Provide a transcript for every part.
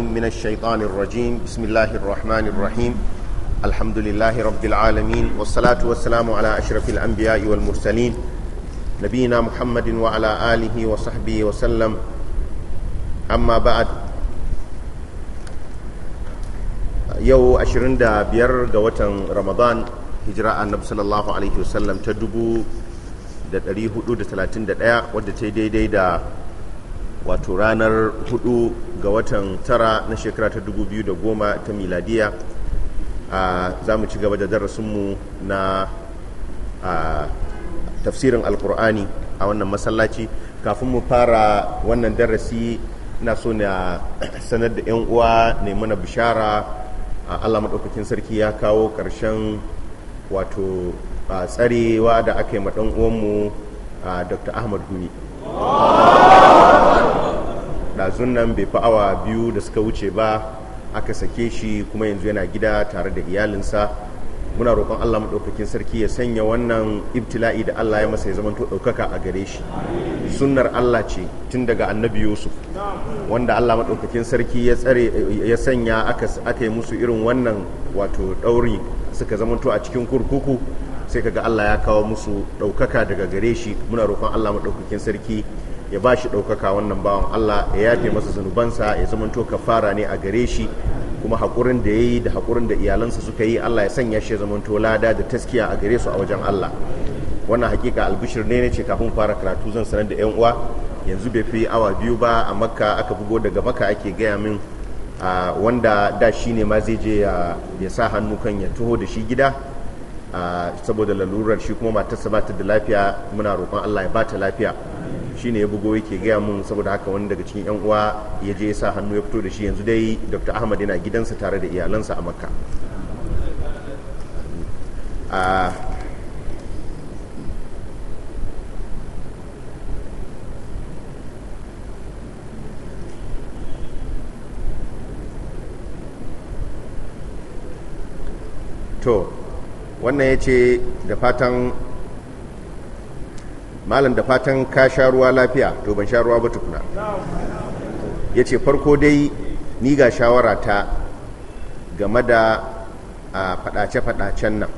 العليم من الشيطان الرجيم بسم الله الرحمن الرحيم الحمد لله رب العالمين والصلاة والسلام على أشرف الأنبياء والمرسلين نبينا محمد وعلى آله وصحبه وسلم أما بعد يو أشرين دا بير قوة رمضان هجراء النبي صلى الله عليه وسلم تدبو دا تريه دا تلاتين دا ودى تيدي دا, دا, دا, دا, دا, دا, دا, دا wato ranar 4 ga watan tara na shekara ta 2010 ta miladiya za mu ci gaba da darasinmu na tafsirin alkur'ani a wannan masallaci kafin mu fara wannan darasi na so na sanar da 'yan uwa ne mana bishara allah maɗaukakin sarki ya kawo ƙarshen wato tsarewa da aka yi uwanmu dr ahmad gumi ɗazun nan bai fi awa biyu da suka wuce ba aka sake shi kuma yanzu yana gida tare da iyalinsa muna roƙon allah maɗaukakin sarki ya sanya wannan ibtila'i da allah ya masa ya to ɗaukaka a gare shi sunnar allah ce tun daga annabi yusuf wanda allah maɗaukakin sarki ya tsare ya sanya aka yi musu irin wannan wato ɗauri suka zamanto a cikin kurkuku sai kaga allah ya kawo musu ɗaukaka daga gare shi muna roƙon allah maɗaukakin sarki ya ba shi ɗaukaka wannan bawan Allah ya yafe masa zunubansa ya zamanto kafara ne a gare shi kuma haƙurin da ya yi da haƙurin da iyalansa suka yi Allah ya sanya shi ya to lada da taskiya a gare su a wajen Allah wannan hakika albishir ne ce kafin fara karatu zan sanar da yan uwa yanzu bai fi awa biyu ba a makka aka bugo daga makka ake gaya min wanda da shi ne ma zai je ya sa hannu kan ya taho da shi gida saboda lalurar shi kuma matarsa ba ta da lafiya muna roƙon Allah ya ba ta lafiya ne ya bugo yake gaya mun saboda haka wani daga cikin yan uwa ya je ya sa hannu ya fito da shi yanzu dai dr ahmad yana gidansa tare da iyalansa a makka ah, to wannan ya ce da fatan malam da fatan ka sha ruwa lafiya to ban sha ruwa ba tukuna ya ce farko dai ni ga shawara ta game da a fadace-fadacen nan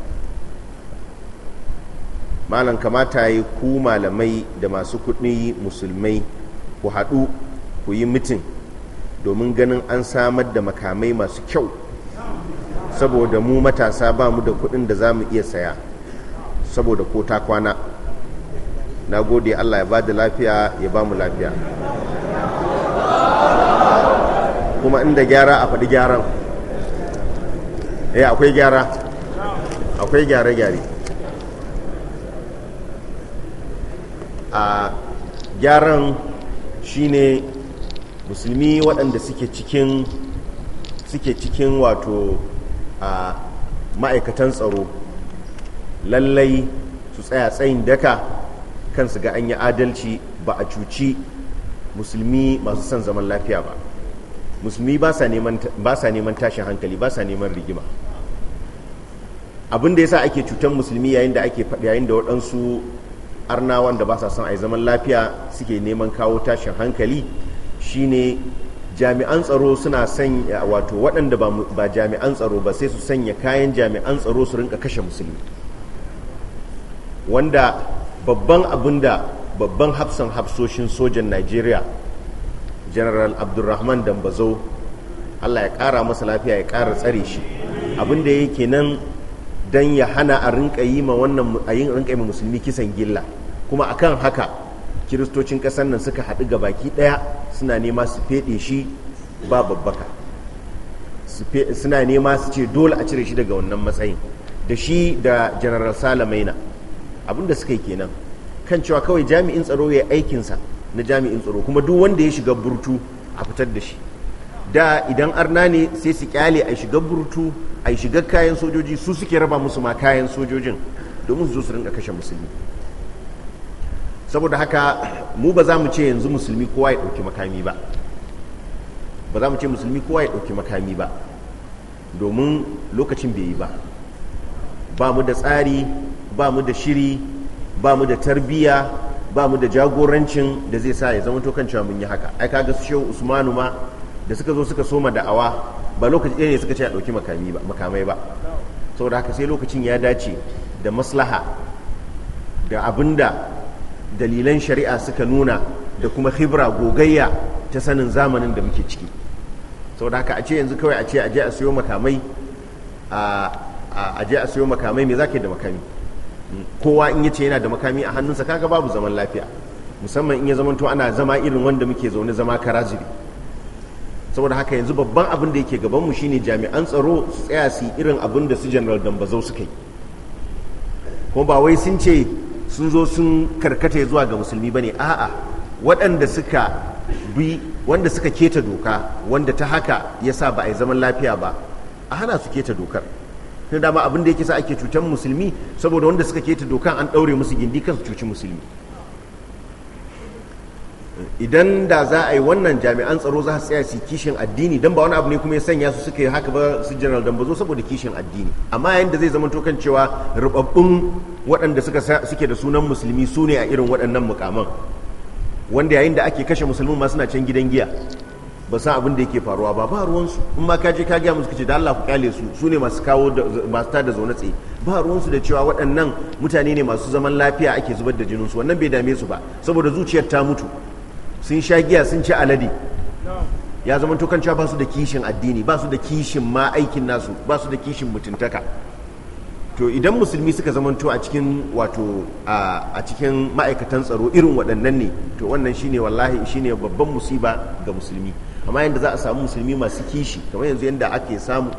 malam kamata yi ku malamai da masu kuɗi musulmai ku haɗu ku yi mitin domin ganin an samar da makamai masu kyau saboda mu matasa ba mu da kuɗin da za mu iya saya saboda ko ta kwana na gode allah ya ba da lafiya ya ba mu lafiya kuma inda gyara a faɗi gyaran eh akwai gyara akwai gyare-gyare a gyaran shine musulmi waɗanda suke cikin suke cikin wato a ma'aikatan tsaro lallai su tsaya tsayin daka kansu ga an yi adalci ba a cuci musulmi masu son zaman lafiya ba musulmi ba sa neman tashin hankali ba sa neman rigima abin da yasa ake cutar musulmi yayin da ake yayin da waɗansu arnawan da ba sa son a yi zaman lafiya suke neman kawo tashin hankali shine jami'an tsaro suna sanya wato waɗanda ba jami'an tsaro ba sai su sanya kayan jami'an tsaro su rinka kashe musulmi wanda babban abin da babban hafsan hafsoshin sojan nigeria general abdulrahman dambazo allah ya kara masa lafiya ya kara tsare shi abin da yake nan don ya hana a rinka yi ma wannan a yin rinka yi musulmi kisan gilla kuma akan haka kiristocin ƙasar nan suka haɗu ga baki ɗaya suna nema su feɗe shi ba babbaka suna nema su ce dole a cire shi daga wannan matsayin da shi da general salamaina da suka yi kenan kan cewa kawai jami'in tsaro ya aikinsa na jami'in tsaro kuma duk wanda ya shiga burtu a fitar da shi da idan arna ne sai su kyale a shiga burtu a shiga kayan sojoji su suke raba musu ma kayan sojojin domin su zo su rinka kashe musulmi saboda haka mu ba za mu ce yanzu musulmi kowa ya ɗauki makami ba ba za mu ce musulmi kowa ya ɗauki makami ba domin lokacin bai yi ba ba mu da tsari ba mu da shiri ba mu da tarbiya ba mu da jagorancin da zai sa ya zama to kan cewa mun yi haka ai kaga su shehu usmanu ma da suka zo suka soma da'awa ba lokaci ɗaya ne suka ce a ɗauki makami ba makamai ba saboda haka sai lokacin ya dace da maslaha da abinda dalilan shari'a suka nuna da kuma hibra gogayya ta sanin zamanin da muke ciki saboda haka a ce yanzu kawai a ce a je a siyo makamai a je a me zaka yi da makami kowa in yace yana da makami a hannunsa kaga babu zaman lafiya musamman in ya zamanto ana zama irin wanda muke zaune zama karaziri saboda haka yanzu babban abin da yake mu shine jami'an tsaro su tsaya su irin abin da su general dambazau suka yi kuma ba wai sun ce sun zo sun karkata zuwa ga musulmi bane a'a waɗanda suka bi wanda suka keta doka wanda ta haka yasa ba a yi zaman lafiya ba a hana su keta dokar tun dama abin da yake sa ake cutar musulmi saboda wanda suka keta dokan an daure musu gindi kan su cuci musulmi idan da za a yi wannan jami'an tsaro za su tsaya su kishin addini don ba wani abu ne kuma ya sanya su suka yi haka ba su general bazo saboda kishin addini amma yayin da zai zama tokan cewa rubabbun waɗanda suke da sunan musulmi su ne a irin waɗannan mukaman wanda yayin da ake kashe musulmin ma suna can gidan giya ba san abin da yake faruwa ba ba ruwansu in ma kaje ka gaya musu kace da Allah ku kyale su su ne masu kawo masu ta da zaune tsaye ba ruwansu da cewa waɗannan mutane ne masu zaman lafiya ake zubar da jinin su wannan bai dame su ba saboda zuciyar ta mutu sun sha giya sun ci alade ya zama to cewa ba su da kishin addini ba su da kishin ma aikin nasu ba su da kishin mutuntaka to idan musulmi suka zamanto a cikin wato a cikin ma'aikatan tsaro irin waɗannan ne to wannan shine wallahi shine babban musiba ga musulmi amma yadda za a samu musulmi masu kishi kamar yanzu yadda ake samu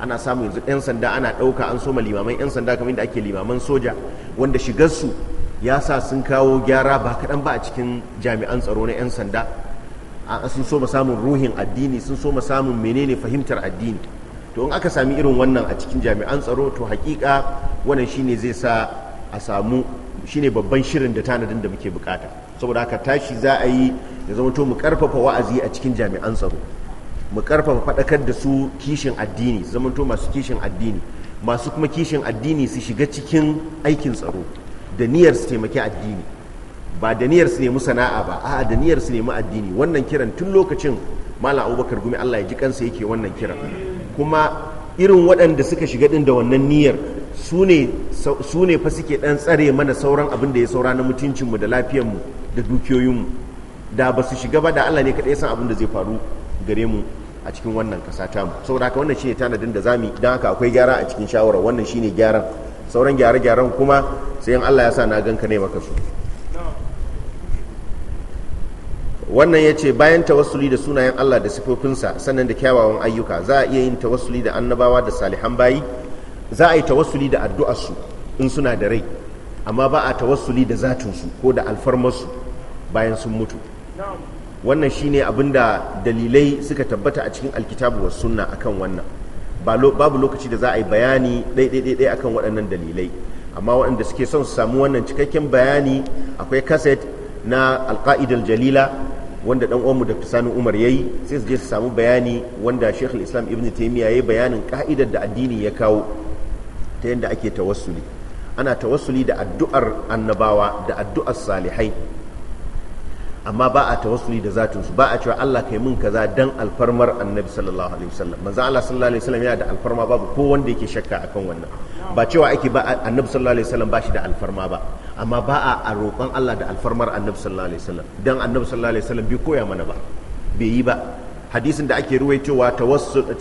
ana samu yanzu 'yan sanda ana ɗauka an soma limaman 'yan sanda kamar yadda ake limaman soja wanda shigarsu ya sa sun kawo gyara ba kaɗan ba a cikin jami'an tsaro na 'yan sanda sun soma samun ruhin addini sun soma samun menene fahimtar addini to in aka sami irin wannan a cikin jami'an tsaro to hakika wannan shine zai sa a samu shine babban shirin da tanadin da muke bukata saboda haka tashi za a yi ya zama to mu karfafa wa'azi a cikin jami'an tsaro mu karfafa faɗakar da su kishin addini zama to masu kishin addini masu kuma kishin addini su shiga cikin aikin tsaro da niyyar su taimaki addini ba da niyyar su nemi sana'a ba a'a da niyyar su nemi addini wannan kiran tun lokacin malam abubakar gumi allah ya ji kansa yake wannan kiran kuma irin waɗanda suka shiga ɗin da wannan niyyar su ne fa suke ɗan tsare mana sauran abin da ya saura na mutuncinmu da lafiyarmu da dukiyoyinmu da ba su shiga ba da Allah ne kaɗai san abin da zai faru gare mu a cikin wannan kasa ta mu saboda haka wannan shine tanadin da zamu dan haka akwai gyara a cikin shawara wannan shine gyaran sauran gyare gyaran kuma sai in Allah ya sa na ganka ne maka su wannan ya ce bayan tawassuli da sunayen Allah da sifofinsa sannan da kyawawan ayyuka za a iya yin tawassuli da annabawa da salihan bayi za a yi tawassuli da addu'ar su in suna da rai amma ba a tawassuli da zatinsu ko da alfarmarsu bayan sun mutu wannan shine abinda dalilai suka tabbata a cikin alkitabu wa sunna akan wannan babu lokaci da za a yi bayani ɗaiɗaiɗaiɗai akan waɗannan dalilai amma waɗanda suke son su samu wannan cikakken bayani akwai kaset na alka'idar jalila wanda ɗan uwanmu da sani umar ya yi sai su je su samu bayani wanda shekul islam ibn taimiyya ya yi bayanin ka'idar da addini ya kawo ta yadda ake tawassuli ana tawassuli da addu'ar annabawa da addu'ar salihai amma ba a tawassuli da zatin su ba a cewa Allah kai mun kaza dan alfarmar annabi sallallahu alaihi wasallam manzo Allah sallallahu alaihi wasallam yana da alfarma babu ko wanda yake shakka akan wannan ba cewa ake ba annabi sallallahu alaihi wasallam ba shi da alfarma ba amma ba a roƙon Allah da alfarmar annabi sallallahu alaihi wasallam dan annabi sallallahu alaihi wasallam bai koya mana ba bai yi ba hadisin da ake ruwaitowa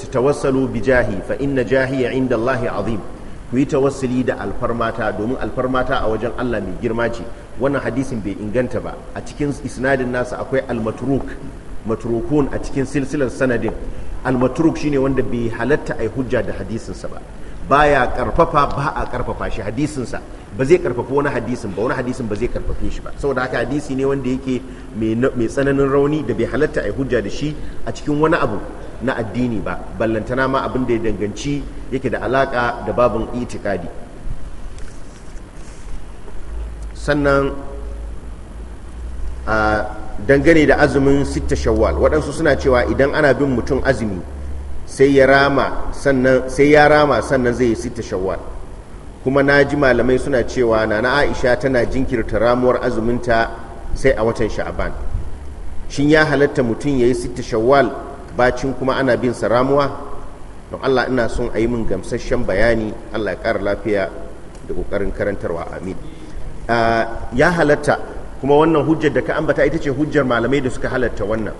tawassalu bi jahi fa inna jahi inda Allah azim ku yi tawassuli da alfarmata domin alfarmata a wajen Allah mai girma ce wannan hadisin bai inganta ba a cikin isnadin nasa akwai almatruk matrukun a cikin silsilar sanadin almatruk shine wanda bai halatta yi hujja da hadisinsa ba baya karfafa ba a karfafa shi hadisinsa ba zai karfafa wani hadisin ba wani hadisin ba zai karfafe shi ba saboda haka hadisi ne wanda yake mai tsananin rauni da bai halatta yi hujja da shi a cikin wani abu na addini ba ballantana ma abin da ya danganci yake da alaka da babin itikadi sannan a dangane da azumin sitta shawwal waɗansu suna cewa idan ana bin mutum azumi sai ya rama sannan zai yi sita shawwal kuma na ji malamai suna cewa na na aisha tana jinkirta ramuwar azuminta sai a watan sha'aban shin ya halatta mutum ya yi sitta shawwal bacin kuma ana bin sa ramuwa don allah ina son a yi min gamsasshen bayani allah ya kara lafiya da ƙoƙarin karantarwa amin ya halatta kuma wannan hujjar da ka ambata ita ce hujjar malamai da suka halatta wannan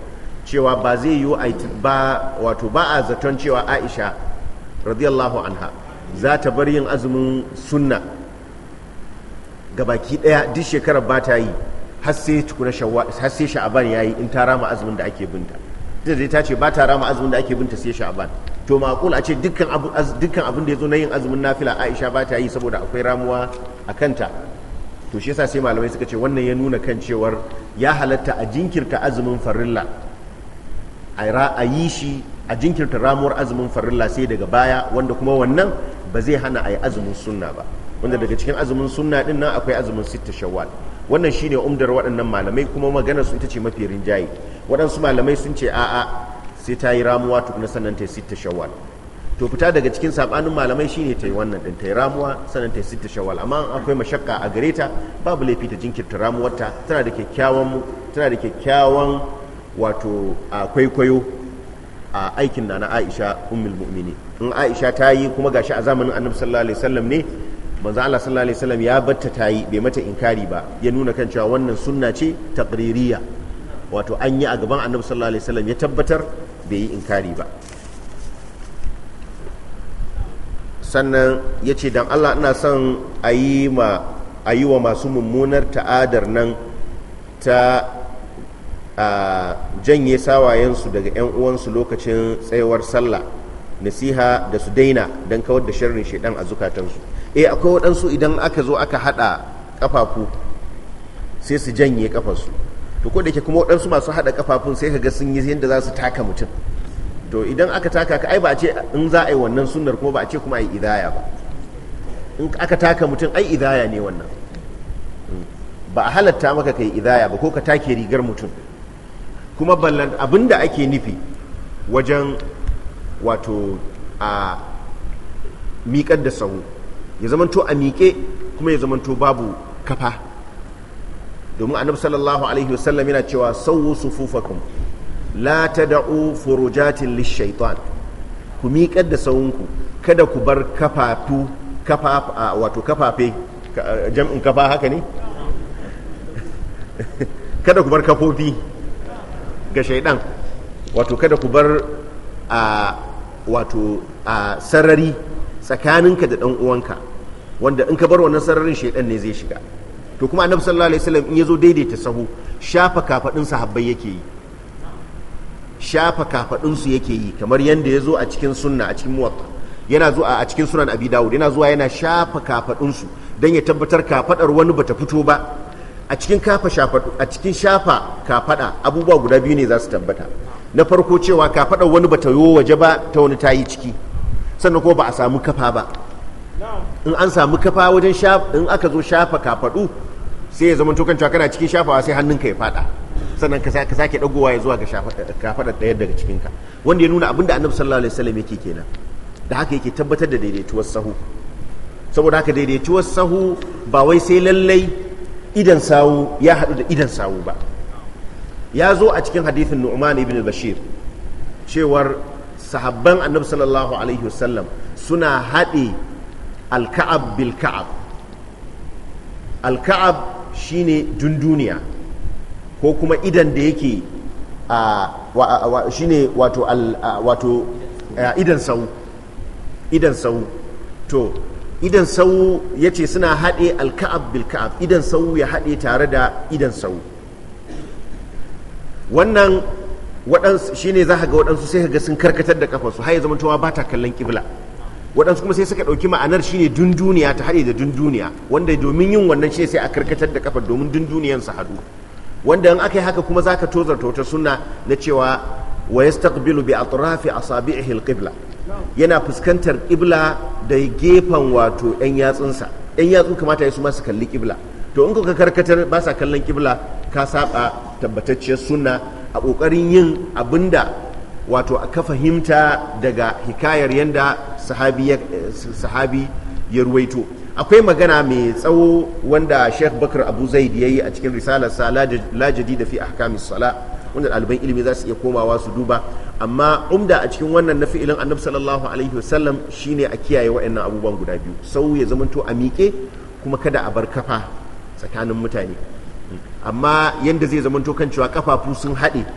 cewa ba zai yi ba wato ba a zaton cewa aisha radiyallahu anha za ta bar yin azumin sunna ga baki daya duk shekarar ba ta yi har sai sha'aban ya yi in ta rama azumin da ake binta ita zai ta ce ba ta rama azumin da ake binta sai sha'aban to ma'akul a ce dukkan abin da ya zo na yin azumin nafila aisha ba ta yi saboda akwai ramuwa a kanta to shi yasa sai malamai suka ce wannan ya nuna kan cewar ya halatta a jinkirta azumin farilla a yi shi a jinkirta ramuwar azumin farilla sai daga baya wanda kuma wannan ba zai hana a yi azumin sunna ba wanda daga cikin azumin sunna din nan akwai azumin sitta shawwal wannan shine umdar waɗannan malamai kuma maganar su ita ce mafi rinjaye waɗansu malamai sun ce a'a sai ta yi ramuwa tukuna sannan ta yi sitta shawwal to fita daga cikin sabanin malamai shine ta yi wannan din ta yi ramuwa sannan ta yi sitta shawal amma akwai mashakka a gare ta babu laifi ta jinkirta ramuwarta tana da kyakkyawan tana da kyakkyawan wato a kwaikwayo a aikin na Aisha ummul mu'mini in Aisha ta yi kuma gashi a zamanin Annabi sallallahu alaihi wasallam ne manzo Allah sallallahu alaihi wasallam ya batta ta yi bai mata inkari ba ya nuna kan cewa wannan sunna ce taqririya wato an yi a gaban Annabi sallallahu alaihi wasallam ya tabbatar bai yi inkari ba sannan ya ce don allah ina son a yi wa masu mummunar ta'adar nan ta janye sawayensu daga 'yan uwansu lokacin tsayawar sallah nasiha da su daina don kawar da sharrin shaidan a zukatansu eh akwai waɗansu idan aka zo aka haɗa ƙafafu sai su janye ƙafarsu to ko da kuma waɗansu masu haɗa ƙafafun sai ka ga sun yi yadda za su taka mutum to idan aka taka ka ai ba a ce in za a yi wannan sunnar kuma ba a ce kuma a yi idaya ba in aka taka mutum ai idaya ne wannan ba a halatta maka ka yi idaya ba ko ka take rigar mutum kuma ballan abin da ake nufi wajen wato a miƙar da sahu ya zamanto a miƙe kuma ya zamanto babu kafa domin annabi sallallahu alaihi wasallam yana cewa sawu sufufakum la tad'u furujatin lishaitan ku miƙar da sawunku kada ku bar kafafu kafafa wato kafafe jam'in kafa haka ne kada ku bar kafofi ga shaidan wato kada ku bar a wato a sarari tsakaninka da dan uwanka wanda in ka bar wannan sararin shaidan ne zai shiga to kuma annabi sallallahu alaihi wasallam in yazo daidaita sahu shafa kafadin sahabbai yake yi shafa kafadunsu yake yi kamar yadda ya zo a cikin sunna a cikin muwatta yana zuwa a cikin sunan abi dawud yana zuwa yana shafa kafadunsu don ya tabbatar kafadar wani bata fito ba a cikin kafa shafa a cikin shafa kafada abubuwa guda biyu ne za su tabbata na farko cewa kafadar wani bata yo waje ba ta wani ta yi ciki sannan ko ba a samu kafa ba in an samu kafa wajen in aka zo shafa kafadu sai ya zama to kana cikin shafawa sai hannunka ya fada sannan ka sake dagowa ya zuwa ga kafadar ɗaya daga cikinka wanda ya nuna abin da annabi sallallahu alaihi wasallam yake kenan da haka yake tabbatar da daidaituwar sahu saboda haka daidaituwar sahu ba wai sai lallai idan sawu ya haɗu da idan sawu ba ya zo a cikin hadithin nu'man ibn bashir cewar sahabban annabi sallallahu alaihi wasallam suna haɗe alka'ab bil ka'ab alka'ab shine dunduniya ko kuma idan da yake shi wato wato idan sau idan sau to idan sau ya ce suna haɗe alka'ab bilka'ab idan sau ya haɗe tare da idan sau wannan waɗansu shi ne za ka ga waɗansu sai ga sun karkatar da kafarsu haye ya zama towa ba ta kallon ƙibla waɗansu kuma sai suka ɗauki ma'anar shine dunduniya ta haɗe da dunduniya wanda domin yin wannan shi sai a karkatar da kafar domin dunduniyan su haɗu wanda in aka yi haka kuma za ka tozarta wata suna na cewa wa yastaqbilu bi atrafi asabi'ihi alqibla yana fuskantar qibla da gefen wato yan yatsunsa yan yatsu kamata ya su masu kalli qibla to in kuka karkatar ba sa kallon qibla ka saba tabbatacciyar sunna a kokarin yin abinda wato ka fahimta daga hikayar yanda sahabi ya eh, ruwaito akwai magana mai tsawo wanda sheikh bakar abu zaid ya yi a cikin sa lajadi da fi ahkamis sala wanda ɗaliban ilimi za su iya komawa su duba amma umda a cikin wannan na fi'ilin annabi sallallahu alaihi wasallam shine a kiyaye waɗannan abubuwan guda biyu sau ya zamanto a miƙe kuma kada a bar kafa tsakanin mutane amma yadda zai zamanto kan cewa kafafu sun haɗe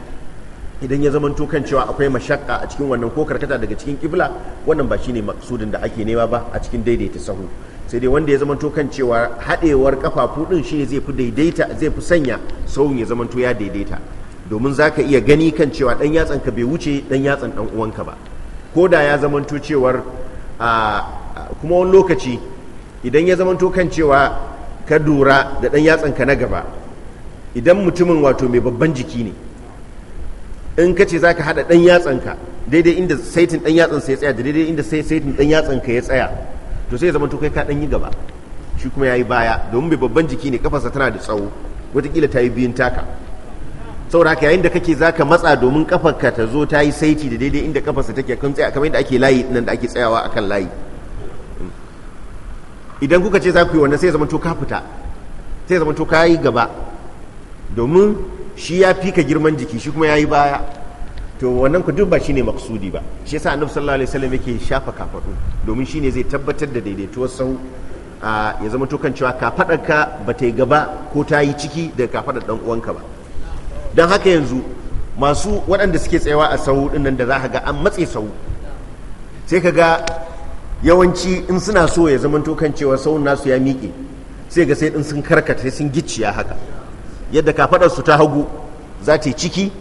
idan ya zamanto kan cewa akwai mashakka a cikin wannan ko karkata daga cikin kibla wannan ba shine maksudin da ake nema ba a cikin daidaita sahu sai dai wanda ya to kan cewa haɗewar kafafu ɗin shi zai fi daidaita zai fi sanya sauyin ya to ya daidaita domin za ka iya gani kan cewa ɗan yatsanka bai wuce ɗan yatsan ɗan uwanka ba ko da ya to cewar kuma wani lokaci idan ya to kan cewa ka dura da ɗan yatsanka na gaba idan mutumin wato mai babban jiki ne in ka ce za ka haɗa ɗan yatsanka daidai inda saitin ɗan yatsansa ya tsaya da daidai inda saitin ɗan yatsanka ya tsaya to sai ya zama to kai ka dan yi gaba shi kuma yayi baya domin bai babban jiki ne kafarsa tana da tsawo wataƙila ta yi biyun taka saboda haka yayin da kake zaka matsa domin kafarka ta zo ta yi saiti da daidai inda kafarsa take kan tsaya kamar yadda ake layi nan da ake tsayawa akan layi idan kuka ce za ku yi wannan sai zama to ka fita sai zama to ka yi gaba domin shi ya fi ka girman jiki shi kuma ya yi baya to wannan ku duk ba shine maksudi ba shi yasa annabi sallallahu alaihi wasallam yake shafa kafadu domin shine zai tabbatar da daidaituwar sau ya zama to kan cewa ka ba ta yi gaba ko ta yi ciki da kafadar dan uwanka ba dan haka yanzu masu waɗanda suke tsayawa a sau din nan da za ka ga an matse sau sai ka ga yawanci in suna so ya zama to kan cewa sau nasu ya miƙe sai ga sai din sun karkata sai sun gicciya haka yadda kafadar su ta hagu za ta yi ciki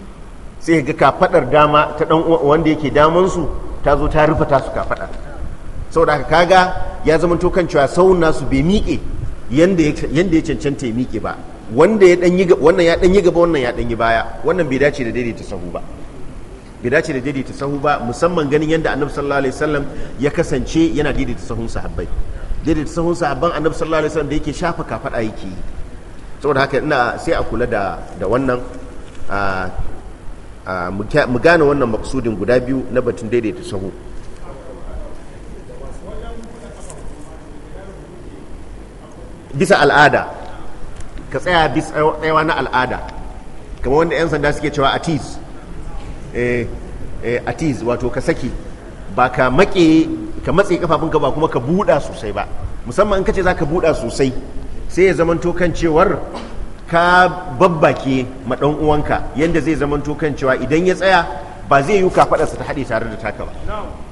sai ga kafadar dama ta dan wanda yake daman su ta zo ta rufe ta su kafada saboda haka kaga ya zama to kan cewa sauran nasu bai miƙe yanda ya cancanta ya miƙe ba wanda ya dan yi wannan ya dan yi gaba wannan ya dan yi baya wannan bai dace da daidaita sahu ba bai dace da daidaita sahu ba musamman ganin yadda annabi sallallahu alaihi wasallam ya kasance yana daidaita sahun sahabbai daidaita sahun sahabban annabi sallallahu alaihi wasallam da yake shafa kafada yake saboda haka ina sai a kula da da wannan ah, mu gane wannan maksudin guda biyu na batun daidaita sahu bisa al'ada ka tsaya bisa na al'ada kamar wanda 'yan sanda suke cewa atiz eh, eh, atiz wato ka saki ba ka make ka matse kafafunka ba kuma ka buɗa sosai ba musamman in ka ce za ka buɗa sosai sai ya zamanto kan cewar ka babbake ma dan uwanka yadda zai zamanto kan cewa idan ya tsaya ba zai yi kafaɗarsa ta haɗe tare da taka ba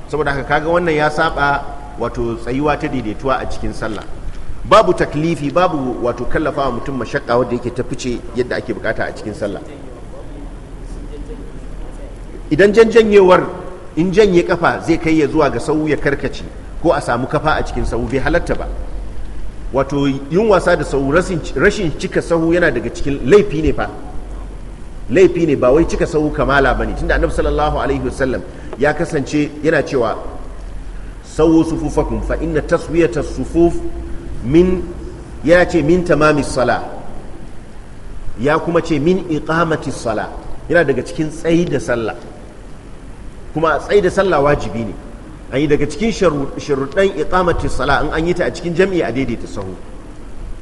saboda haka kaga wannan ya saba wato tsayuwa ta daidaituwa a cikin sallah babu taklifi babu wato kallafa mutum mashaƙa wadda yake ta fice yadda ake bukata a cikin sallah idan janjanyewar in janye kafa zai kai ya zuwa ga sau ya karkace ko a samu kafa a cikin sau bai halatta ba wato yin wasa da sahu rashin cika sahu yana daga cikin laifi ne fa laifi ne ba wai cika sahu kamala ba ne tunda annabi sallallahu alaihi wasallam ya kasance yana cewa sawu sufufakum fa inna taswiyata sufuf min ya ce min tamamis sala ya kuma ce min iqamati sala yana daga cikin tsayi da sallah kuma tsayi da sallah wajibi ne yi daga cikin sharuɗan iqamati sala in an yi ta a cikin jam'i a daidaita sahu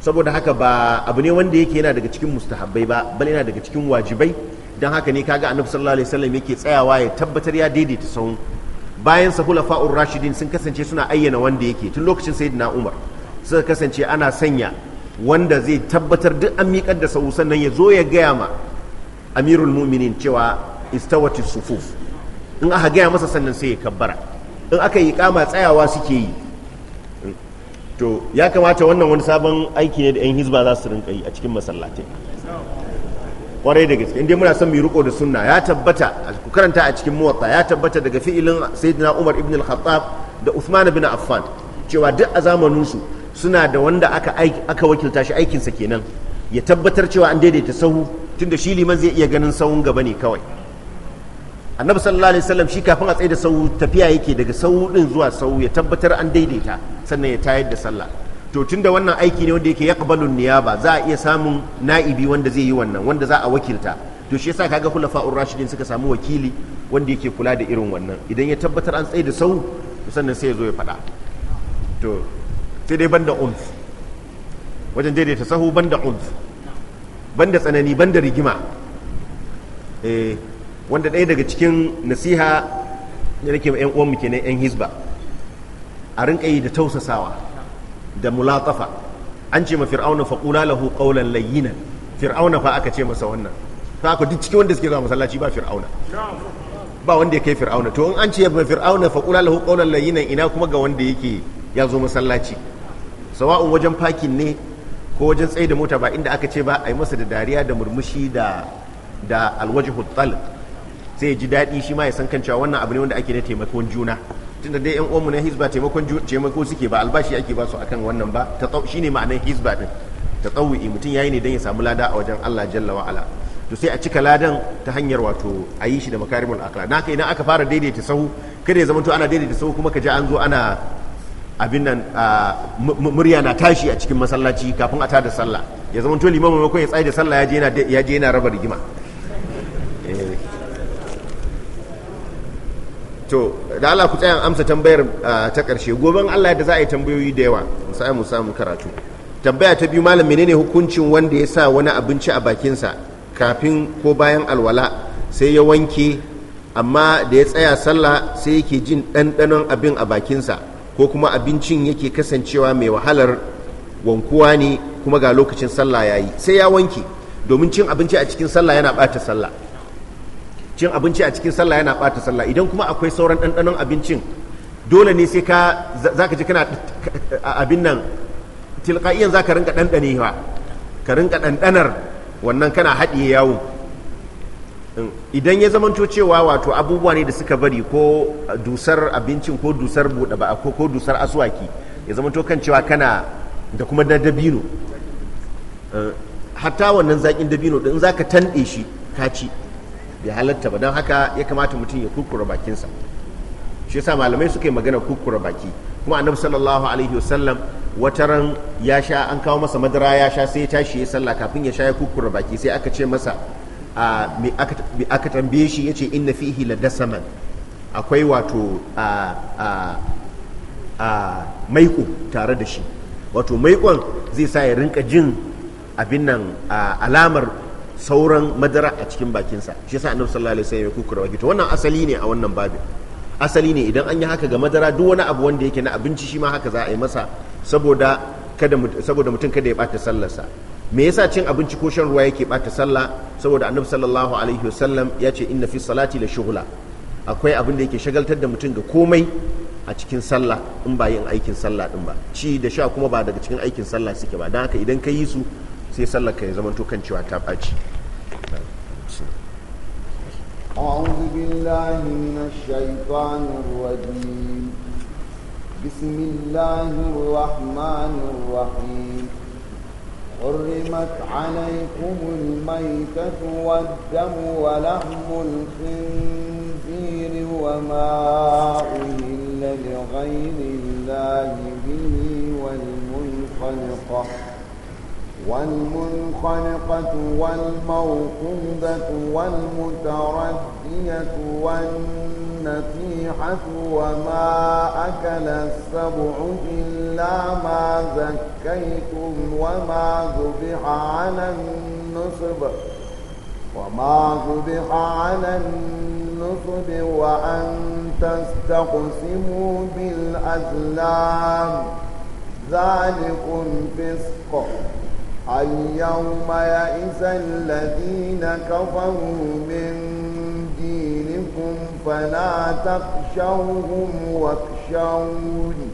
saboda haka ba abu ne wanda yake yana daga cikin mustahabbai ba bal yana daga cikin wajibai dan haka ne kaga annabi sallallahu alaihi wasallam yake tsayawa ya tabbatar ya daidaita sahu bayan sa khulafa'ur rashidin sun kasance suna ayyana wanda yake tun lokacin sayyidina umar suka kasance ana sanya wanda zai tabbatar duk an miƙar da sahu sannan ya zo ya gaya ma amirul muminin cewa istawati sufuf in aka gaya masa sannan sai ya kabbara in aka yi kama tsayawa suke yi to ya kamata wannan wani sabon aiki ne da 'yan hizba za su rinka yi a cikin masallatai kwarai da gaske inda muna son mu riko da sunna ya tabbata ku karanta a cikin muwatta ya tabbata daga fi'ilin sayyidina Umar ibn al-Khattab da usman bin Affan cewa duk a zamaninsu suna da wanda aka aka wakilta shi aikinsa kenan ya tabbatar cewa an daidaita sahu tunda shi liman zai iya ganin sahun gaba ne kawai annabi sallallahu alaihi wasallam shi kafin a tsaye da sau tafiya yake daga sau din zuwa sau ya tabbatar an daidaita sannan ya tayar da sallah to tunda wannan aiki ne wanda yake yaqbalu niyaba za a iya samun na'ibi wanda zai yi wannan wanda za a wakilta to shi yasa kaga khulafa'ur rashidin suka samu wakili wanda yake kula da irin wannan idan ya tabbatar an tsaye da sau sannan sai ya zo ya faɗa to sai dai banda unf wajen daidaita sahu banda unf banda tsanani banda rigima eh wanda ɗaya daga cikin nasiha da nake yan uwanmu kenan yan hizba a rinka yi da tausasawa da mulatafa an ce ma fir'auna fa qula lahu qawlan layyinan fir'auna fa aka ce masa wannan fa aka duk cikin wanda suke zuwa masallaci ba fir'auna ba wanda ya kai fir'auna to in an ce ma fir'auna fa qula lahu qawlan layyinan ina kuma ga wanda yake ya zo masallaci sawa'un wajen fakin ne ko wajen tsaye da mota ba inda aka ce ba a yi masa da dariya da murmushi da da alwajhu talq sai ji daɗi shi ma ya san kan cewa wannan abu ne wanda ake na taimakon juna tunda dai yan uwanmu na hizba taimakon taimako suke ba albashi ake ba su akan wannan ba ta tsau shine ma'anar hizba din ta tsawu'i mutum yayi ne dan ya samu lada a wajen Allah jalla wa ala to sai a cika ladan ta hanyar wato a yi shi da makarimul akhlaq na kai idan aka fara daidaita sahu kada ya zama to ana daidaita sahu kuma ka ji an zo ana abin nan murya na tashi a cikin masallaci kafin a tada sallah ya zama to limamin maimakon ya tsaye da sallah ya je yana raba rigima to da Allah ku tsaya amsa tambayar ah, ta karshe goben Allah da za a yi tambayoyi da yawa sai mu samu karatu tambaya ta biyu malam menene hukuncin wanda ya sa wani abinci a bakinsa kafin ko bayan alwala sai ya wanke amma da ya tsaya sallah sai yake jin ɗanɗanon abin a bakinsa ko kuma abincin yake kasancewa mai wahalar wankuwa ne kuma ga lokacin sallah ya yi sai ya wanke domin cin abinci a cikin sallah yana ɓata sallah cin abinci a cikin sallah yana bata sallah idan kuma akwai sauran ɗanɗanon abincin dole ne sai ka za ka ji kana abin nan tilka'iyan za ka rinka wa ka rinka ɗanɗanar wannan kana haɗiye yawo idan ya zamanto cewa wato abubuwa ne da suka bari ko dusar abincin ko dusar buɗe ba ko ko dusar asuwaki ya zamanto kan cewa kana da kuma na dabino hatta wannan zaƙin dabino ɗin za ka tanɗe shi ka ci bai halatta ba don haka ya kamata mutum ya kukura bakinsa shi yasa malamai suka yi magana kukura baki kuma annabi sallallahu alaihi wasallam wata ran ya sha an kawo masa madara ya sha sai ya tashi ya sallah kafin ya sha ya kurkura baki sai aka ce masa aka tambaye shi yace inna fihi la dasaman akwai wato maiko tare da shi wato maikon zai sa ya rinka jin abin nan alamar sauran madara a cikin bakinsa shi yasa annabi sallallahu alaihi wasallam ya kukura waki to wannan asali ne a wannan babin asali ne idan an yi haka ga madara duk wani abu wanda yake na abinci shi ma haka za a yi masa saboda kada saboda mutum kada ya bata sallar sa me yasa cin abinci ko shan ruwa yake bata sallah saboda annabi sallallahu alaihi wasallam ya ce inna fi salati la shughla akwai abin da yake shagaltar da mutum ga komai a cikin sallah in ba yin aikin sallah din ba ci da sha kuma ba daga cikin aikin sallah suke ba dan haka idan ka yi su sai sallar ka ya zama to kan cewa ta ɓaci أعوذ بالله من الشيطان الرجيم بسم الله الرحمن الرحيم حرمت عليكم الميتة والدم ولحم الخنزير وما أهل لغير الله به والمنخلقة والمنخنقة والموقودة والمتردية والنفيحة وما أكل السبع إلا ما زكيتم وما ذبح على النصب وما ذبح على النصب وأن تستقسموا بالأزلام ذلكم فسق اليوم يئس الذين كفروا من دينكم فلا تخشوهم واخشوني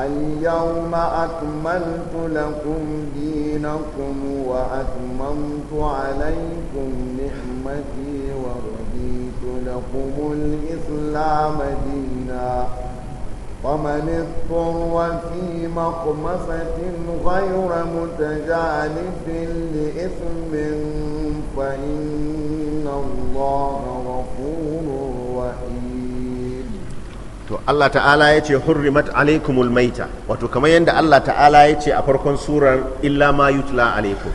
اليوم أكملت لكم دينكم وأتممت عليكم نعمتي ورضيت لكم الإسلام ديناً ومن اضطر في مقمصة غير متجانف لإثم فإن الله غفور رحيم to Allah ta'ala ya ce hurrimat alaikumul maita wato kamar yadda Allah ta'ala ya ce a farkon surar illa ma yutla alaikum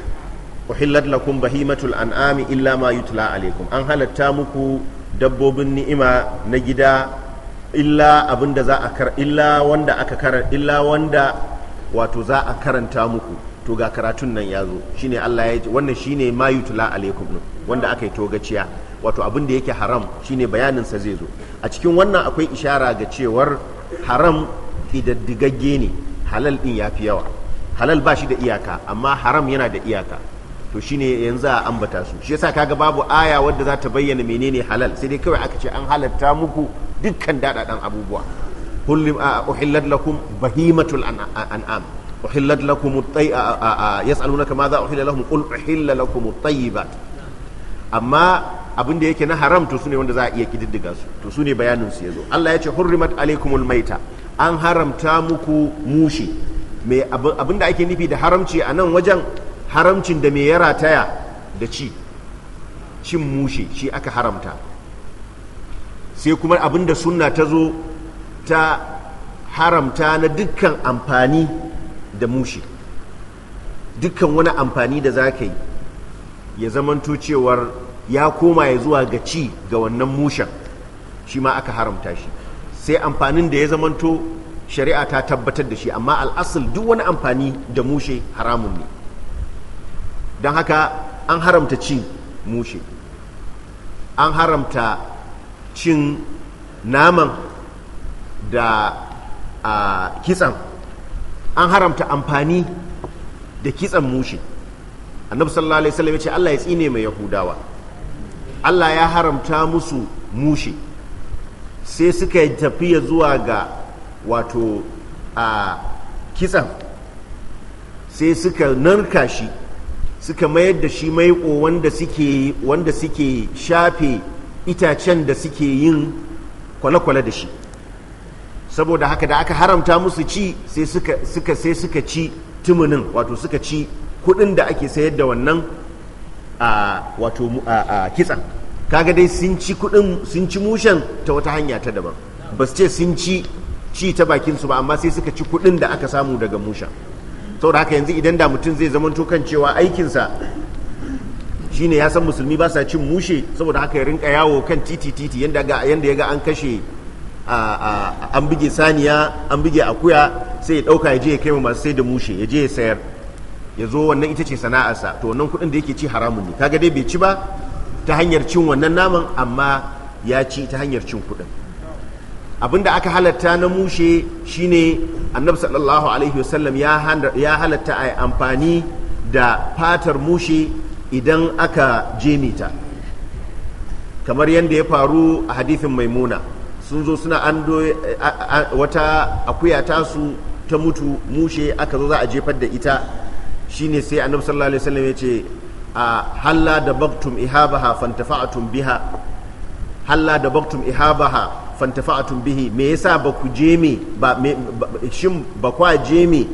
uhillat lakum bahimatul an'ami illa ma yutla an halatta muku dabbobin ni'ima na gida illa abin da za a kar illa wanda aka kar illa wanda wato za a karanta muku to ga karatun nan ya zo shine Allah ya wannan shine ma alaikum wanda aka yi togaciya wato abin da yake haram shine bayanin sa zai zo a cikin wannan akwai ishara ga cewar haram idaddigagge ne halal din ya fi yawa halal ba shi da iyaka amma haram yana da iyaka to shine yanzu a ambata su shi yasa kaga babu aya wadda za ta bayyana menene halal sai dai kawai aka ce an halatta muku dukkan daɗaɗan abubuwa kullum a uhillat lakum bahimatul an'am uhillat lakum yas'alunaka kama za uhilla lahum qul uhilla lakum at-tayyibat amma abin da yake na haram to sune wanda za a iya kididdiga su to sune bayanin su yazo Allah ya ce hurrimat alaikumul maita an haramta muku mushi me abin da ake nufi da haramci a nan wajen haramcin da me yara taya da ci cin mushi shi aka haramta sai kuma abinda sunna ta zo ta haramta na dukkan amfani da mushi dukkan wani amfani da za ka yi ya zamanto cewar ya koma ya zuwa ga ci ga wannan mushen shi ma aka haramta shi sai amfanin da ya zamanto shari'a ta tabbatar da shi amma al'asul duk wani amfani da mushe haramun ne don haka an haramta ci mushe an haramta cin naman da a kitsan an haramta amfani da kitsan mushi annabi sallallahu alaihi wasallam ya ce Allah ya tsine mai yahudawa Allah ya haramta musu mushi sai suka tafiya zuwa ga wato a kitsan sai suka narka shi suka mayar da shi maiƙo wanda wanda suke shafe itacen da suke yin kwale-kwale da shi saboda haka da aka haramta musu ci sai suka suka sai suka ci tumunin wato suka ci kudin da ake sayar da wannan a wato a kitsan kaga dai sun ci kudin sun ci mushen ta wata hanya ta daban ba su ce sun ci ci ta bakinsu ba amma sai suka ci kudin da aka samu daga mushen saboda haka yanzu idan da mutum zai zamanto kan cewa aikinsa shine ya san musulmi ba sa cin mushe saboda haka ya rinka yawo kan titi titi yanda ya ga an kashe an bige saniya an bige akuya sai ya dauka ya je ya kai masu sai da mushe ya je ya sayar ya zo wannan ita ce sana'arsa to wannan kuɗin da yake ci haramun ne kaga dai bai ci ba ta hanyar cin wannan naman amma ya ci ta hanyar cin kuɗin da aka halatta na mushe shine annabi sallallahu alaihi wasallam ya halatta a yi amfani da fatar mushe idan aka jemita kamar yadda ya faru a hadithin maimuna sun zo suna an wata akuya tasu ta mutu mushe aka zo za a jefar da ita shine sai annabi sallallahu alaihi wasallam ya ce a halla da baktum ihabaha fantafa'atum biha halla da baktum ihabaha fantafa'atum bihi me yasa ba ku jeme ba shin ba kwa jeme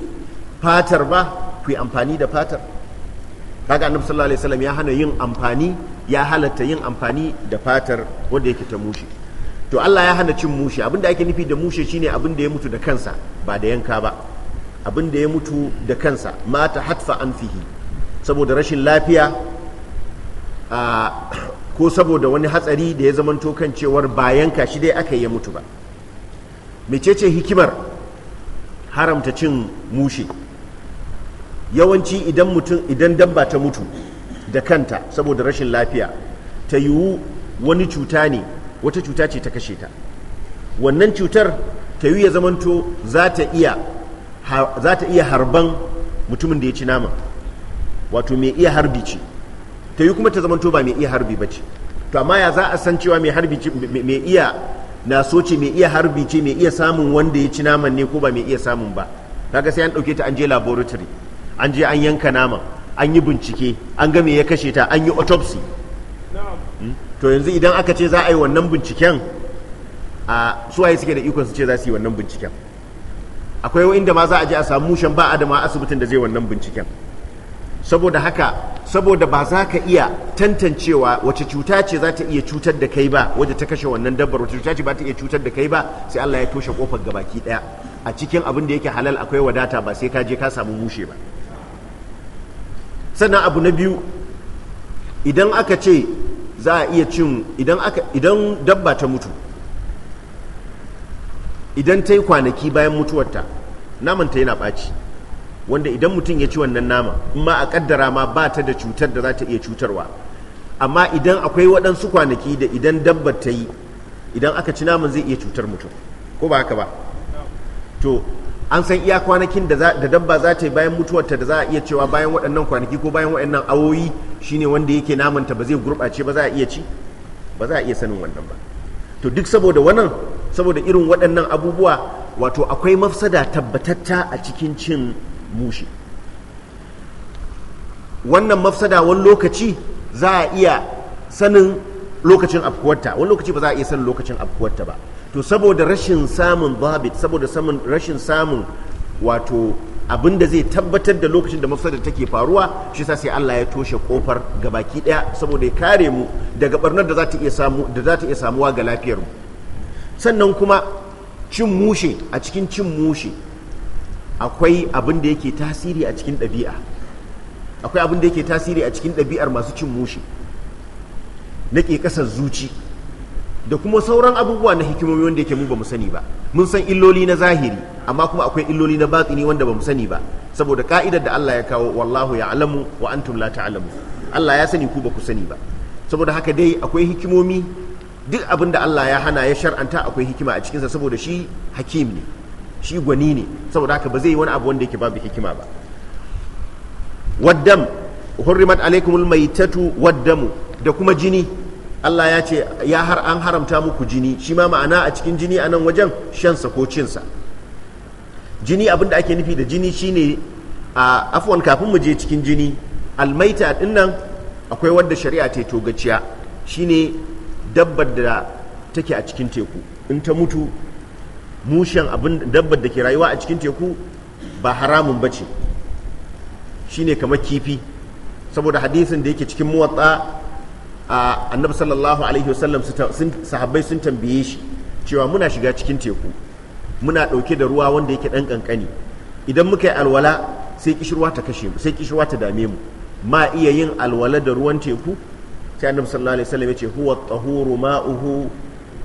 fatar ba ku yi amfani da fatar kaga annabi sallallahu alaihi wasallam ya hana yin amfani ya halatta yin amfani da fatar wanda yake ta mushe to Allah ya hana cin mushi abinda ake nufi da mushe shine abin da ya mutu da kansa ba da yanka ba abin da ya mutu da kansa mata hatfa anfihi saboda rashin lafiya ko saboda wani hatsari da ya zamanto kan cewar ba yanka shi dai aka yi ya mutu ba mecece hikimar haramta cin mushe yawanci idan mutum idan dabba ta mutu da kanta saboda rashin lafiya ta yiwu wani cuta ne wata cuta ce ta kashe ta wannan cutar ta yi ya zamanto za ta iya za ta iya harban mutumin da ya ci nama wato mai iya harbi ce ta yi kuma ta zamanto ba mai iya harbi ba ce to amma ya za a san cewa mai harbi ce mai iya na so ce mai iya harbi ce mai iya samun wanda ya ci naman ne ko ba mai iya samun ba kaga sai an ɗauke ta an je laboratory an je an yanka naman an yi bincike an ga ya kashe ta an yi autopsy hmm? to yanzu idan aka ce za a yi wannan binciken a suwaye suke da ikon su ce za su yi wannan binciken akwai inda ma za a je a samu mushen ba adama asibitin da zai wannan binciken saboda haka saboda ba za ka iya tantancewa wace cuta ce za ta iya cutar da kai ba wajen ta kashe wannan dabbar wace cuta ce ba ta iya cutar da kai ba sai Allah ya toshe kofar gabaki daya a cikin abin da yake halal akwai wadata ba sai ka je ka samu mushe ba sannan abu na biyu idan aka ce za a iya cin idan dabba ta mutu idan ta yi kwanaki bayan mutuwarta naman namanta yana ɓaci wanda idan mutum ya ci wannan nama in ma a ƙaddara ma ba ta da cutar da za ta iya cutarwa amma idan akwai waɗansu kwanaki da idan dabbar ta yi idan aka ci naman zai iya cutar mutum ko ba haka ba to an san iya kwanakin da dabba za ta yi bayan mutuwarta da za a iya cewa bayan waɗannan kwanaki ko bayan waɗannan awoyi shine wanda yake namanta ba zai gurɓace ba za a iya ci ba za a iya sanin wannan ba to duk saboda wannan saboda irin waɗannan abubuwa wato akwai mafsada tabbatatta a cikin cin mushi wannan mafsada wani lokaci za a iya sanin lokacin afkuwarta wani lokaci ba za a iya sanin lokacin afkuwarta ba to saboda rashin samun babit saboda rashin samun wato abin da zai tabbatar da lokacin da mafsadar take faruwa shi sa sai Allah ya toshe kofar ga baki daya saboda ya kare mu daga barnar da za ta iya samu da za ta iya samuwa ga lafiyar mu sannan kuma cin mushe a cikin cin mushe akwai abin da yake tasiri a cikin ɗabi'a akwai abin da yake tasiri a cikin ɗabi'ar masu cin mushe na ƙasar zuci da kuma sauran abubuwa na hikimomi wanda yake mu ba mu sani ba mun san illoli na zahiri amma kuma akwai illoli na batini wanda ba mu sani ba saboda ka'idar da Allah ya kawo wallahu ya'lamu wa antum la ta'lamu Allah ya sani ku ba ku sani ba saboda haka dai akwai hikimomi duk abin da Allah ya hana ya shar'anta akwai hikima a cikinsa saboda shi hakim ne shi gwani ne saboda haka ba zai yi wani abu wanda yake babu hikima ba waddam hurrimat alaikumul maitatu waddamu da kuma jini Allah ya ce ya har an haramta muku jini shi ma ma'ana a cikin jini a nan wajen shansa ko cinsa jini abinda ake nufi da jini shine a afwan kafin mu je cikin jini almaita din nan akwai wadda shari'a ta togaciya shine dabbar da take a cikin teku in ta mutu mushen abin dabbar da ke rayuwa a cikin teku ba haramun bace shine kamar kifi saboda hadisin da yake cikin muwatsa annabi sallallahu alaihi wasallam sahabbai sun tambaye shi cewa muna shiga cikin teku muna ɗauke da ruwa wanda yake ɗan ƙanƙani idan muka yi alwala sai kishirwa ta kashe mu sai kishirwa ta dame mu ma iya yin alwala da ruwan teku sai annabi sallallahu alaihi wasallam ya ce huwa tahuru ma'uhu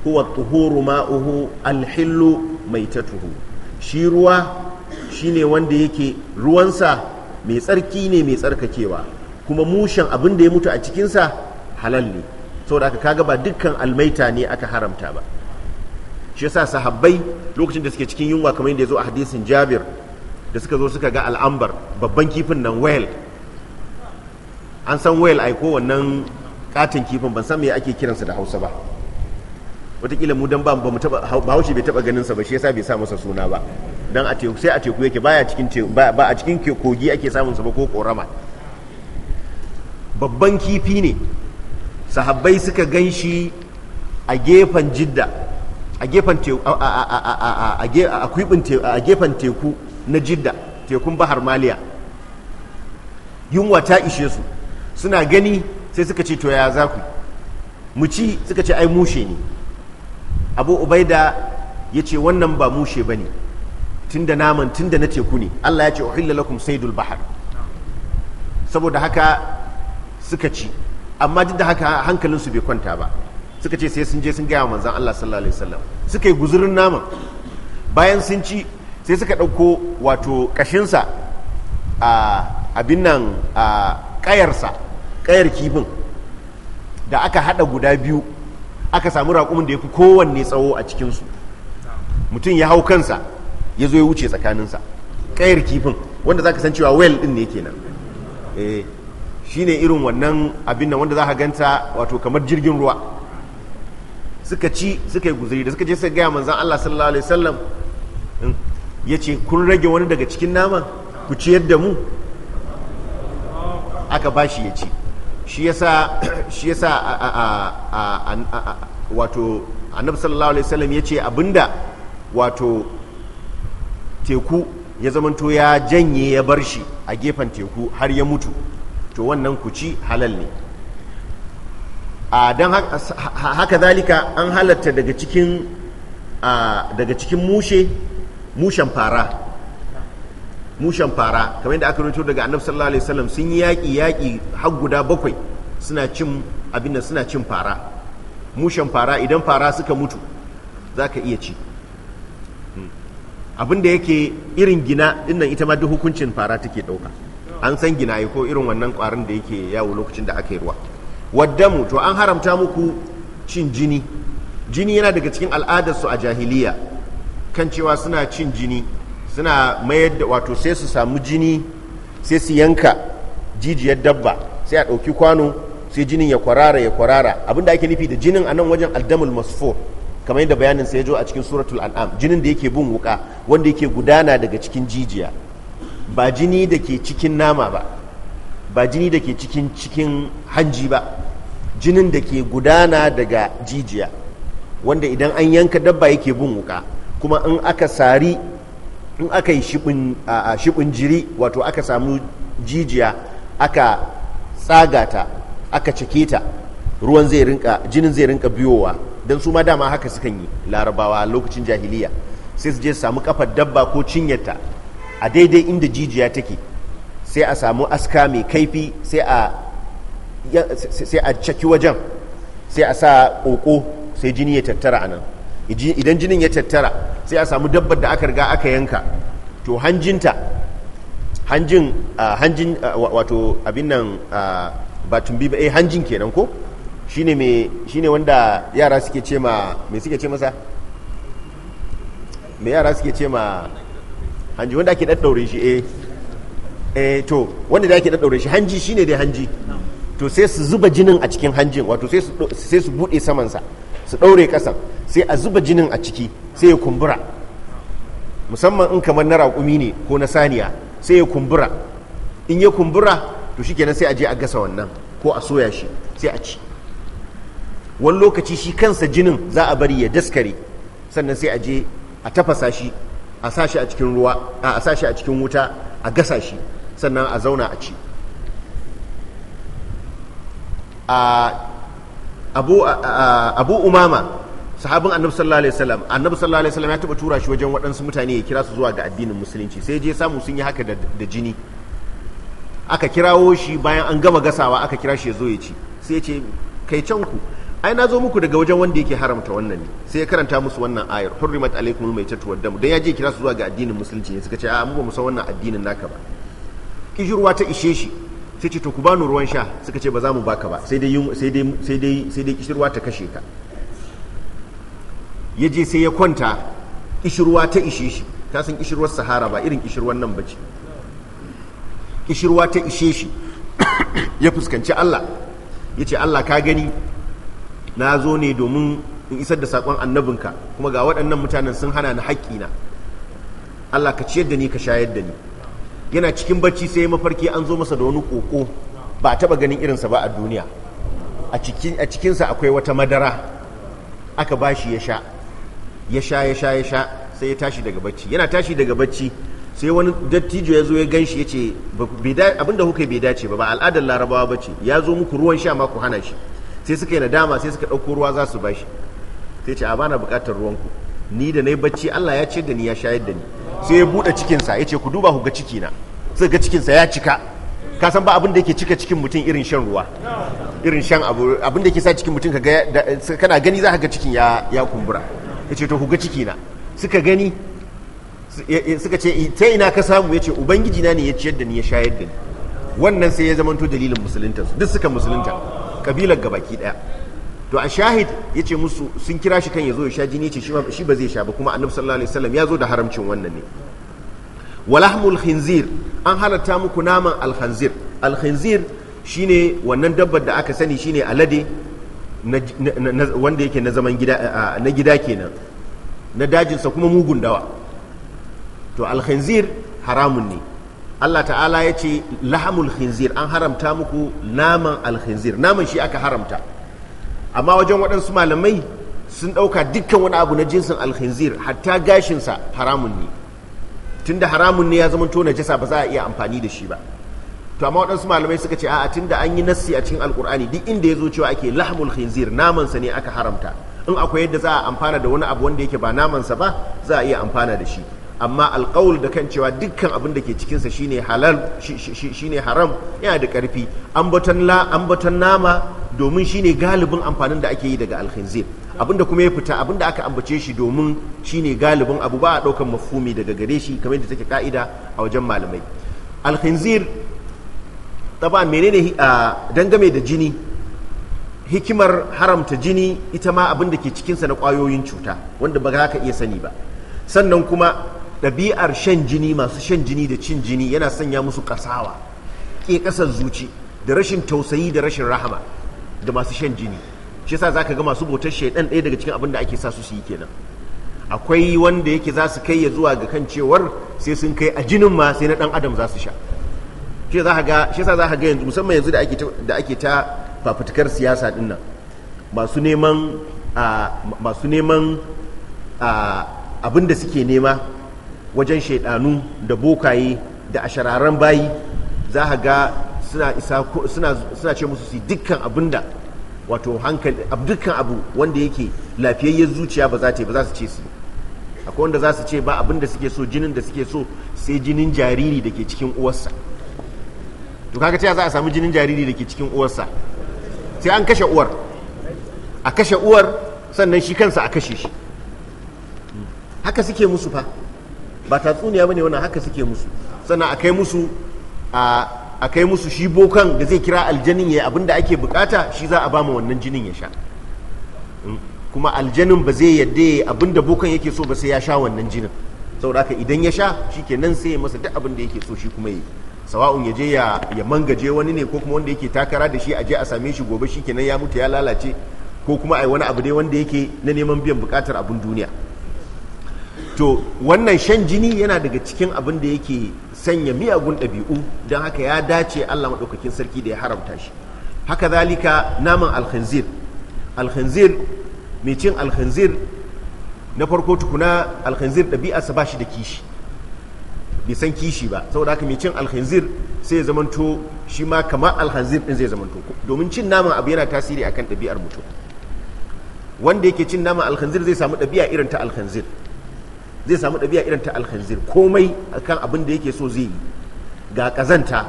huwa tahuru ma'uhu alhillu maitatuhu shi ruwa shine wanda yake ruwansa mai tsarki ne mai tsarkakewa kuma mushen abin da ya mutu a cikinsa halal ne saboda aka kaga ba dukkan almaita ne aka haramta ba shi yasa sahabbai lokacin da suke cikin yunwa kamar yadda ya zo a hadisin jabir da suka zo suka ga al'ambar babban kifin nan whale an san whale ai ko wannan katin kifin ban san me ake kiransa da hausa ba watakila mu dan ba mu taba bahaushe bai taba ganin sa ba shi yasa bai sa masa suna ba dan a teku sai a teku yake baya cikin ba a cikin kogi ake samun sa ba ko korama babban kifi ne sahabbai suka gan shi a gefen jidda a gefen teku a gefen teku na jidda tekun bahar maliya yunwa ta ishe su suna gani sai suka ce to ya za ku mu ci suka ce ai mushe ne abu ubaida ya ce wannan ba mushe ba ne tunda naman tunda na teku ne allah ya ce uhilla lakum saidul bahar saboda haka suka ci amma duk da haka su bai kwanta ba suka ce sai sun je sun gaya manzan Allah sallallahu alaihi wasallam suka yi guzurin naman bayan sun ci sai suka ɗauko wato sa a abin nan a ƙayarsa kayar kifin da aka haɗa guda biyu aka samu raƙumin da ya fi kowanne tsawo a cikin su mutum ya hau kansa ya zo ya wuce tsakanin sa kayar kifin wanda zaka san cewa well din ne kenan eh, shine irin wannan abin nan wanda za ka ganta wato kamar jirgin ruwa suka ci suka yi guzuri da suka je suka gaya manzan Allah sallallahu alaihi wasallam hmm, ya ce kun rage wani daga cikin naman ku ciyar da mu aka ba shi ya ci shi yasa shi a wato annabi sallallahu alaihi wasallam ya ce abinda wato teku ya zamanto ya janye ya bar shi a gefen teku har ya mutu to wannan ku ci halal ne A don haka zalika an halatta daga cikin daga cikin mushe mushen fara mushen fara kamar yadda aka rito daga annab sallallahu alaihi wasallam sun yi yaƙi yaƙi har guda bakwai suna cin abin suna cin fara mushen fara idan fara suka mutu za ka iya ci hmm. abin da yake irin gina dinnan ita ma duk hukuncin fara take ɗauka an san ginaye ko irin wannan kwarin da yake yawo lokacin da aka yi ruwa waddamu to an haramta muku cin jini jini yana daga cikin al'adarsu a jahiliya kan cewa suna cin jini suna mayar da wato sai su samu jini sai su yanka jijiyar dabba sai a ɗauki kwano sai jinin ya kwarara ya kwarara abinda ake nufi da jinin a nan wajen aldamul masfo kamar yadda bayanin sai ya zo a cikin suratul al'am jinin da yake bin wuka wanda yake gudana daga cikin jijiya ba jini da ke cikin nama ba ba jini da ke cikin cikin hanji ba jinin da ke gudana daga jijiya wanda idan an yanka dabba yake bin wuka kuma in aka sari in aka yi shibin jiri wato aka samu jijiya aka tsaga ta aka cike ta ruwan zai rinka jinin zai rinka biyowa don su ma dama haka sukan yi larabawa lokacin jahiliya sai su je su samu kafar dabba ko cinyarta a daidai inda jijiya take sai a samu aska mai kaifi sai a caki wajen sai a sa ƙoƙo sai jini ya tattara a nan idan jinin ya tattara sai a samu dabbar da aka riga aka yanka to hanjinta hanjin hanjin wato abin nan ba bi ba eh hanjin kenan ko Shi ne wanda yara suke ce ma me suke ce masa me yara suke ce ma hanji wanda ake daddaure shi eh eh to wanda da ake daddaure shi hanji shine dai hanji to sai su zuba jinin a cikin hanjin wato sai su sai su bude saman sa su daure kasan sai a zuba jinin a ciki sai ya kumbura musamman in kamar na raƙumi ne ko na saniya sai ya kumbura in ya kumbura to shikenan sai a je a gasa wannan ko a soya shi sai a ci wani lokaci shi kansa jinin za a bari ya daskare sannan sai a je a tafasa shi a sashi a cikin ruwa a sashi a cikin wuta a gasa shi sannan a zauna a ci abu umama sahabin annabi sallallahu alaihi wasallam annabi sallallahu alaihi wasallam ya taba tura shi wajen waɗansu mutane ya kira su zuwa ga addinin musulunci sai je samu sun yi haka da jini aka kirawo shi bayan an gama gasawa aka kira shi ya zo ya ci sai ya ce kai can ku ai na zo muku daga wajen wanda yake haramta wannan ne sai ya karanta musu wannan ayar hurrimat alaikumul maitatu wad damu dan ya je kira su zuwa ga addinin musulunci ne suka ce a mu ba mu san wannan addinin naka ba kishirwa ta ishe shi sai ce to ku bani ruwan sha suka ce ba za mu baka ba sai dai sai dai kishirwa ta kashe ka ya je sai ya kwanta kishirwa ta ishe shi ka san kishirwar sahara ba irin kishirwar nan bace kishirwa ta ishe shi ya fuskanci Allah ya ce Allah ka gani na zo ne domin in isar da saƙon annabinka kuma ga waɗannan mutanen sun hana ni haƙƙina Allah ka ciyar da ni ka shayar da ni yana cikin bacci sai mafarki an zo masa da wani ƙoƙo ba a taɓa ganin irinsa ba a duniya a cikinsa akwai wata madara aka ba shi ya sha ya sha ya sha ya sha sai ya tashi daga bacci yana tashi daga bacci sai wani dattijo ya zo ya gan shi ya ce abinda kuka bai dace ba ba al'adar larabawa ba ce ya zo muku ruwan sha ma ku hana shi sai suka yi nadama sai suka ɗauko ruwa za su ba shi sai ce a bana buƙatar ruwanku ni da na yi bacci Allah ya ce da ni ya shayar da ni sai ya buɗe cikinsa ya ce ku duba ku ga cikina sai ga cikinsa ya cika ka san ba abin da yake cika cikin mutum irin shan ruwa irin shan abu abin da yake sa cikin mutum kana gani za ka ga cikin ya kumbura ya ce to ku ga cikina suka gani suka ce ta ina ka samu ya ce ubangiji na ne ya ciyar da ni ya shayar da ni wannan sai ya zamanto dalilin musulunta duk suka musulunta kabilar gabaki daya to a shahid yace musu sun kira shi kan zo ya sha jini ce shi ba zai sha ba kuma annabi sallallahu alaihi wasallam ya zo da haramcin wannan ne walahmul khinzir an halatta muku naman alkhanzir alkhanzir shine wannan dabbar da aka sani shine alade wanda yake na zaman gida na gida kenan na dajinsa kuma mugun dawa to alkhanzir haramun ne Allah ta'ala ya ce lahamul khinzir an haramta muku naman alkhinzir naman shi aka haramta amma wajen waɗansu malamai sun ɗauka dukkan wani abu na jinsin alkhinzir hatta gashinsa haramun ne tunda haramun ne ya zama tona jasa ba za a iya amfani da shi ba to amma waɗansu malamai suka ce a'a tunda an yi nassi a cikin alkur'ani duk inda ya zo cewa ake lahamul khinzir namansa ne aka haramta in akwai yadda za a amfana da wani abu wanda yake ba naman sa ba za a iya amfana da shi amma alƙawul da kan cewa dukkan abin da ke cikinsa shine halal shine haram yana da ƙarfi ambaton nama domin shine galibin amfanin da ake yi daga alkhinzir abinda kuma ya fita abinda aka ambace shi domin shine galibin abu ba a ɗaukan mafhumi daga gare shi kamar yadda take ka'ida a wajen malamai alkhinzir taba menene dangame da jini hikimar haramta jini ita ma abin da ke cikinsa na kwayoyin cuta wanda ba ka iya sani ba sannan kuma ɗabi'ar shan jini masu shan jini da cin jini yana sanya musu kasawa ke ƙasar zuci da rashin tausayi da rashin rahama da masu shan jini shi yasa zaka ga masu bautar shaidan ɗaya daga cikin abin da ake sa su su yi kenan akwai wanda yake za su kai ya zuwa ga kan cewar sai sun kai a jinin ma sai na ɗan adam za su sha shi za ga ga yanzu musamman yanzu da ake ta fafutukar siyasa din nan masu ah, masu neman ah, abin da suke nema wajen shaidanu da bokaye da ashararan bayi za a ga suna ce musu su dukkan abin da wato hankali dukkan abu wanda yake lafiyayyen zuciya ba za ta yi ba za su ce su akwai wanda za su ce ba abin da suke so jinin da suke so sai jinin jariri da ke cikin uwarsa to kaga ta za a samu jinin jariri da ke cikin uwarsa sai an kashe uwar a kashe uwar sannan shi kansa a kashe shi haka suke musu fa ba tatsuniya bane wannan haka suke musu sannan a kai musu a kai musu shi bokan da zai kira aljanin ya abin da ake bukata shi za a ba mu wannan jinin ya sha hmm? kuma aljanin ba zai yadda abin da bokan yake so ba sai ya sha wannan jinin saboda haka idan ya sha shi ke nan sai ya masa duk abin da yake so shi kuma yi sawa'un ya je ya mangaje wani ne ko kuma wanda yake takara da shi a je a same shi gobe shi nan ya mutu ya lalace ko kuma ai wani abu dai wanda yake na neman biyan bukatar abin duniya to wannan shan jini yana daga cikin abin da yake sanya miyagun ɗabi'u don haka ya dace allah maɗaukakin sarki da ya haramta shi haka zalika naman alkhanzir alkhanzir mai cin alkhanzir na farko tukuna alkhanzir ɗabi'arsa ba shi da kishi bai san kishi ba saboda haka mai cin alkhanzir sai ya zamanto shi ma kamar alkhanzir ɗin zai zamanto domin cin naman abu yana tasiri akan ɗabi'ar mutum wanda yake cin naman alkhanzir zai samu ɗabi'a irin ta alkhanzir zai samu ɗabi'a irin ta alkhanzir komai kan abin da yake so zai yi ga ƙazanta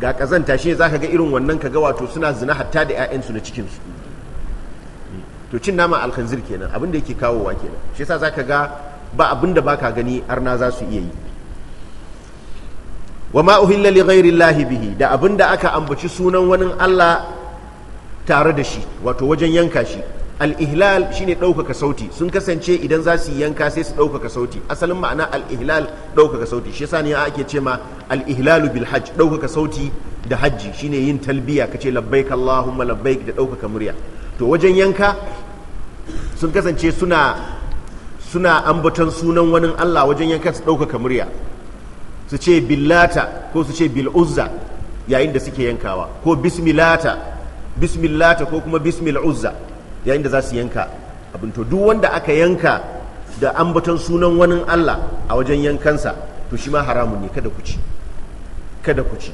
ga ƙazanta shi za ka ga irin wannan ka ga wato suna zina hatta da 'ya'yansu na cikinsu to cin nama alkhanzir kenan abin da yake kawowa kenan shi yasa ka ga ba abin da baka gani arna za su iya yi wa ma uhilla li ghairi bihi da abin da aka ambaci sunan wani Allah tare da shi wato wajen yanka shi al-ihlal shine ɗaukaka sauti sun kasance idan za su yanka sai su ɗaukaka sauti asalin ma'ana al-ihlal ɗaukaka sauti shi yasa ne ake ce ma al-ihlalu bil hajj ɗaukaka sauti da hajji shine yin talbiya kace labbaik allahumma labbaik da ɗaukaka murya to wajen yanka sun kasance suna suna ambaton sunan wani Allah wajen yanka su ɗaukaka murya su ce billata ko su ce bil'uzza yayin da suke yankawa ko bismilata bismillata ko kuma bismil'uzza yayin da za su yanka abin to duk wanda aka yanka da ambaton sunan wani Allah a wajen yankansa to shi ma haramun ne kada ku ci kada ku ci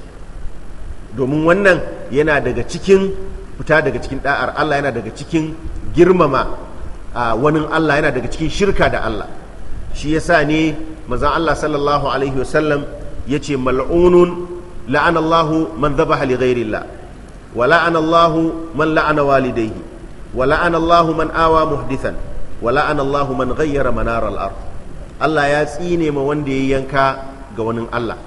domin wannan yana daga cikin fita daga cikin da'ar Allah yana daga cikin girmama a wani Allah yana daga cikin shirka da Allah shi yasa ne manzon Allah sallallahu alaihi wasallam yace mal'unun la'anallahu man dhabaha li wa la'anallahu man la'ana walidayhi wala'an Allahu man awa muhdithan wala'an Allahu man ghayyara manar Allah ya tsine ma wanda ya yanka ga wani Allah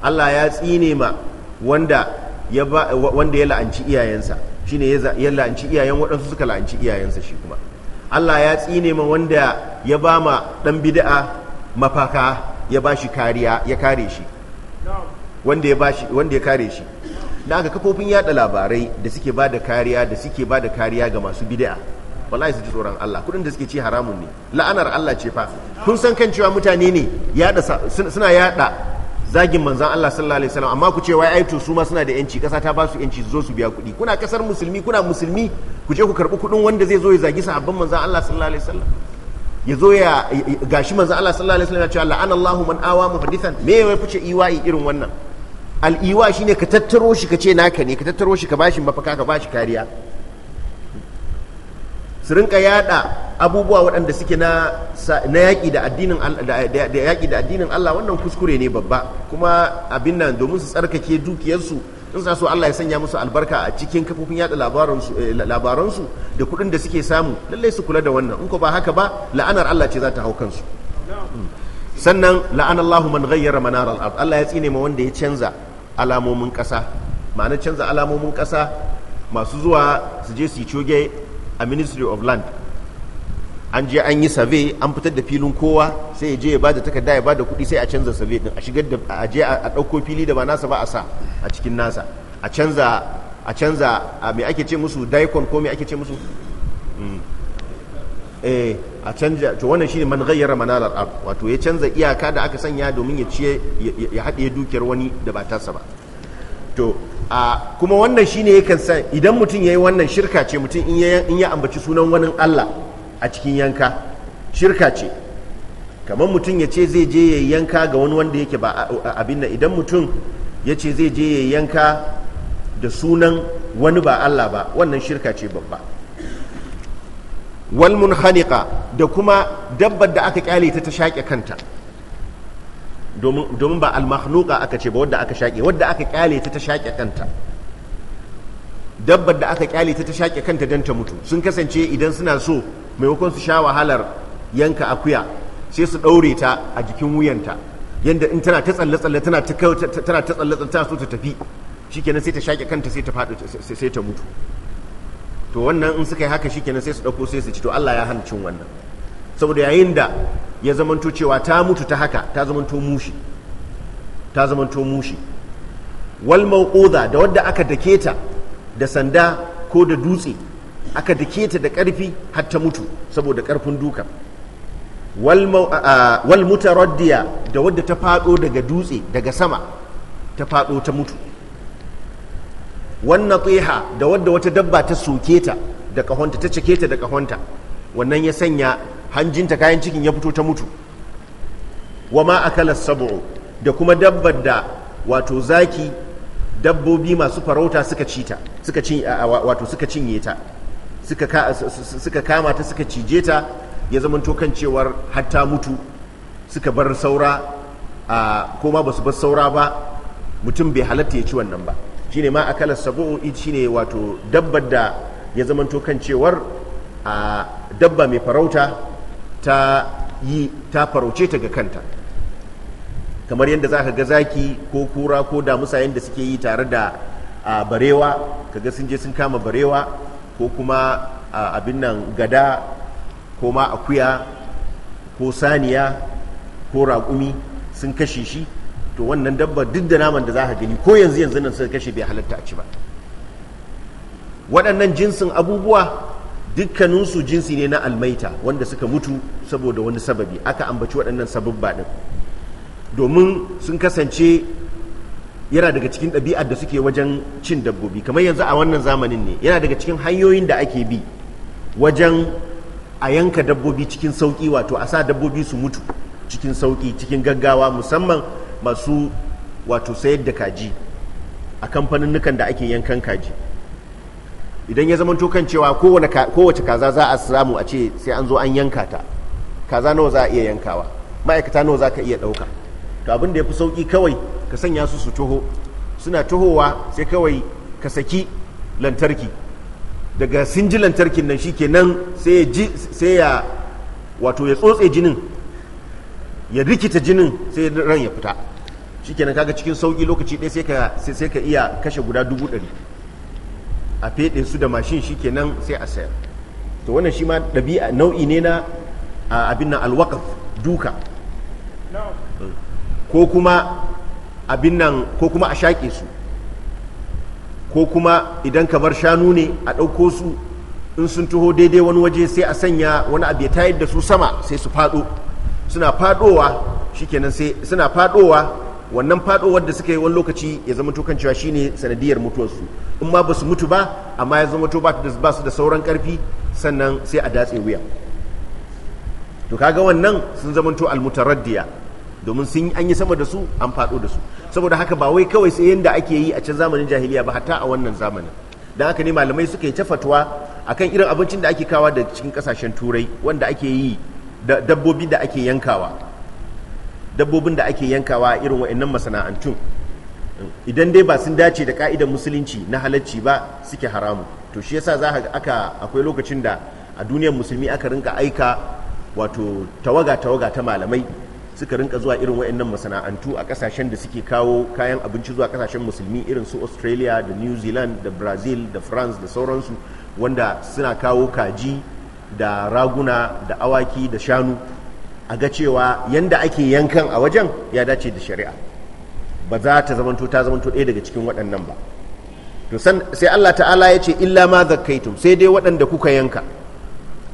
Allah ya tsine ma wanda ya la'anci iyayensa shine ya la'anci iyayen waɗansu suka la'anci iyayensa shi Allah ya tsine ma wanda ya ba ma ɗan bid'a mafaka ya ba shi kariya ya kare shi wanda ya kare shi na ga kafofin yada labarai da suke ba da kariya da suke ba da kariya ga masu bid'a wallahi su ji tsoron Allah kudin da suke ci haramun ne la'anar Allah ce fa kun san kan cewa mutane ne yada suna yada zagin manzon Allah sallallahu alaihi wasallam amma ku ce wai ai to su ma suna da yanci kasa ta ba su yanci su zo su biya kuɗi kuna kasar musulmi kuna musulmi ku je ku karɓi kuɗin wanda zai zo ya zagi sahabban manzon Allah sallallahu alaihi wasallam ya zo ya gashi manzon Allah sallallahu alaihi wasallam ya ce la'anallahu man awa muhdithan me ya fice iwa'i e e irin wannan al'iwa shine ka tattaro shi ka ce naka ne ka tattaro shi ka bashi mafaka ka bashi kariya su rinka yada abubuwa waɗanda suke na yaƙi da addinin Allah wannan kuskure ne babba kuma abin nan domin su tsarkake dukiyarsu in sa so Allah ya sanya musu albarka a cikin kafofin yada eh, labaransu da kuɗin da suke samu lallai su kula da wannan in ko ba haka ba la'anar Allah ce za ta hau kansu sannan la'anallahu man ghayyara manar al Allah ya tsine ma wanda ya canza alamomin ƙasa ma'ana canza alamomin ƙasa masu zuwa su je su coge a ministry of land an je an yi survey an fitar da filin kowa sai ya je ya bada takarda ya bada kuɗi sai a canza survey din a shigar da a je a ɗauko fili da ba nasa ba a sa a cikin nasa a canza a canza a me ake ce musu daikon ko me ake ce musu hmm. eh a canja to wannan shine man ghayyara manalar ab wato ya canza iyaka da aka sanya domin ya ciye ya haɗe dukiyar wani da ba tasa ba to a kuma wannan shine yakan san idan mutum yayi wannan shirka ce mutum in ya ambaci sunan wani Allah a cikin yanka shirka ce kamar mutum ya ce zai je ya yanka ga wani wanda yake ba abin nan idan mutum ya ce zai je ya yanka da sunan wani ba Allah ba wannan shirka ce babba walmun hanika da kuma dabbar da aka kyale ta ta shaƙe kanta domin ba al-makhluqa aka ce ba wadda aka shaƙe wadda aka kyale ta ta shaƙe kanta dabbar da aka kyale ta ta shaƙe kanta don ta mutu sun kasance idan suna so maimakon su sha wahalar yanka akuya sai su ɗaure ta a jikin wuyanta yadda in tana ta tsalle-tsalle tana ta tsalle-tsalle ta so ta tafi shikenan sai ta shaƙe kanta sai ta faɗi sai ta mutu to wannan in suka yi haka shikenan sai su ɗauko sai su ci to Allah ya hancin wannan saboda yayin da ya zamanto cewa ta mutu ta haka ta zamanto mushi ta zamanto mushi wal mauquda da wadda aka dake ta da sanda ko da dutse aka dake ta da karfi har ta mutu saboda karfin duka wal mutaraddiya da wadda ta faɗo daga dutse daga sama ta faɗo ta mutu wannan tsiha da wadda wata dabba ta soke ta da kahonta ta cike ta da kahonta wannan ya sanya hanjinta kayan cikin ya fito ta mutu wa ma akala sab'u da kuma dabbar da wato zaki dabbobi masu farauta suka ci ta suka wato suka cinye ta suka kama ta suka cije ta ya zama kan cewar hatta mutu suka bar saura a koma ba su bar saura ba mutum bai halatta ya ci wannan ba shine ma akalar sabu'u shine wato dabbar da ya zamanto kan cewar a dabba mai farauta ta yi ta farauce ta ga kanta kamar yadda za ka ga zaki ko kura ko damusa yadda suke yi tare da barewa ka ga sun je sun kama barewa ko kuma abin nan gada ko ma akuya ko saniya ko raƙumi sun kashe shi to wannan dabba duk da naman da za ka gani ko yanzu yanzu nan sai kashe bai halatta a ci ba waɗannan jinsin abubuwa dukkaninsu jinsi ne na almaita wanda suka mutu saboda wani sababi aka ambaci waɗannan sababba ɗin domin sun kasance yana daga cikin ɗabi'ar da suke wajen cin dabbobi kamar yanzu a wannan zamanin ne yana daga cikin hanyoyin da ake bi wajen a yanka dabbobi cikin sauƙi wato a sa dabbobi su mutu cikin sauƙi cikin gaggawa musamman masu wato sayar da kaji a kamfanin nukan da ake yankan kaji idan ya zamanto tokan cewa kowace kaza za a samu a ce sai an zo an yanka ta kaza nawa za a iya yankawa ma'aikata nawa za ka iya ɗauka to abin da ya fi sauki kawai ka sanya su su toho suna tohowa sai kawai ka saki lantarki daga sinji lantarkin nan shi kenan sai ya wato ya tsotse jinin ya rikita jinin sai ran ya fita shikenan kaga cikin sauki lokaci ɗaya sai ka sai iya kashe guda dubu ɗari a feɗe su da mashin shikenan sai a sayar to wannan shi ma ɗabi'a nau'i ne na abin nan alwakaf duka ko kuma abin nan ko kuma a shaƙe su ko kuma idan kamar shanu ne a ɗauko su in sun taho daidai wani waje sai a sanya wani abu ya tayar da su sama sai su faɗo suna fadowa shikenan sai suna fadowa wannan fadowar da suka yi wani lokaci ya zama to kan cewa shine sanadiyar mutuwarsu in ma basu mutu ba amma ya zama to ba su da sauran karfi sannan sai a datse wuya to kaga wannan sun zama to almutaraddiya domin sun an yi sama da su an fado da su saboda haka ba wai kawai sai yanda ake yi a can zamanin jahiliya ba hatta a wannan zamanin dan haka ne malamai suka yi ta fatuwa akan irin abincin da ake kawa da cikin kasashen turai wanda ake yi da dabbobi da ake yankawa dabbobin da ake yankawa a irin wa'annan masana'antun idan dai ba sun dace da ka'idar musulunci na halacci ba suke haramu to shi yasa za aka akwai lokacin da a duniyar musulmi aka rinka aika wato tawaga tawaga ta malamai suka rinka zuwa irin wa'annan masana'antu a kasashen da suke kawo kayan abinci zuwa kasashen musulmi irin su australia da new zealand da brazil da france da sauransu wanda suna kawo kaji da raguna da awaki da shanu a ga cewa yanda ake yankan a wajen ya dace da shari'a ba za ta zamanto ta zamanto ɗaya daga cikin waɗannan ba to sai Allah ta'ala ya ce illa ma zakaitum sai dai waɗanda kuka yanka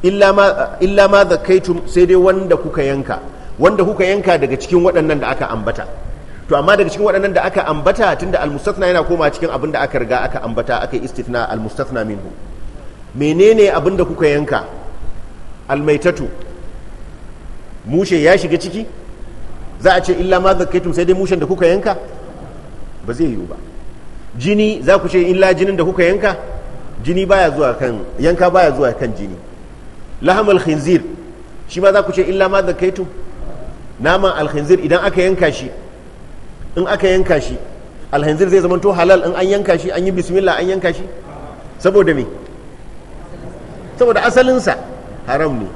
illa ma zakaitum sai dai wanda kuka yanka wanda kuka yanka daga cikin waɗannan da aka ambata to amma daga cikin waɗannan da aka ambata tunda almustathna yana koma cikin abin da aka riga aka ambata aka yi istithna almustathna minhu menene abin da kuka yanka almaitatu mushe ya shiga ciki za a ce illa ma zakaitum sai dai mushen da kuka yanka ba zai yiwu ba jini za ku ce illa jinin da kuka yanka jini baya zuwa kan yanka baya zuwa kan jini lahamal alkhinzir shi ma za ku ce illa ma zakaitum naman alkhinzir idan aka yanka shi in aka yanka shi alhanzir zai zama to halal in an yanka shi an yi bismillah an yanka shi saboda me saboda asalinsa haram ne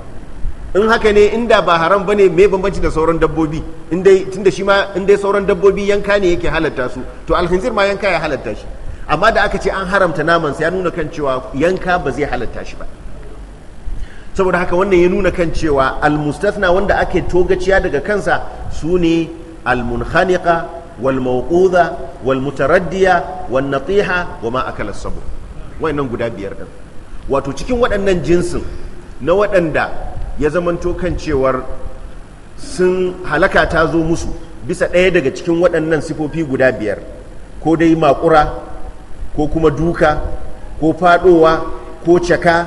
in haka ne inda ba haram bane me bambanci da sauran dabbobi inda tunda shi ma inda sauran dabbobi yanka ne yake halatta su to alhinzir ma yanka ya halatta shi amma da aka ce an haramta naman sa ya nuna kan cewa yanka ba zai halatta shi ba saboda haka wannan ya nuna kan cewa almustathna wanda ake togaciya daga kansa su ne almunkhaniqa wal mawquda wal mutaraddiya wan natiha wa ma akala sabu wayannan guda biyar din wato cikin waɗannan jinsin na waɗanda ya zamanto kan cewar sun halaka ta zo musu bisa ɗaya daga cikin waɗannan sifofi guda biyar ko dai makura ko kuma duka ko faɗowa ko caka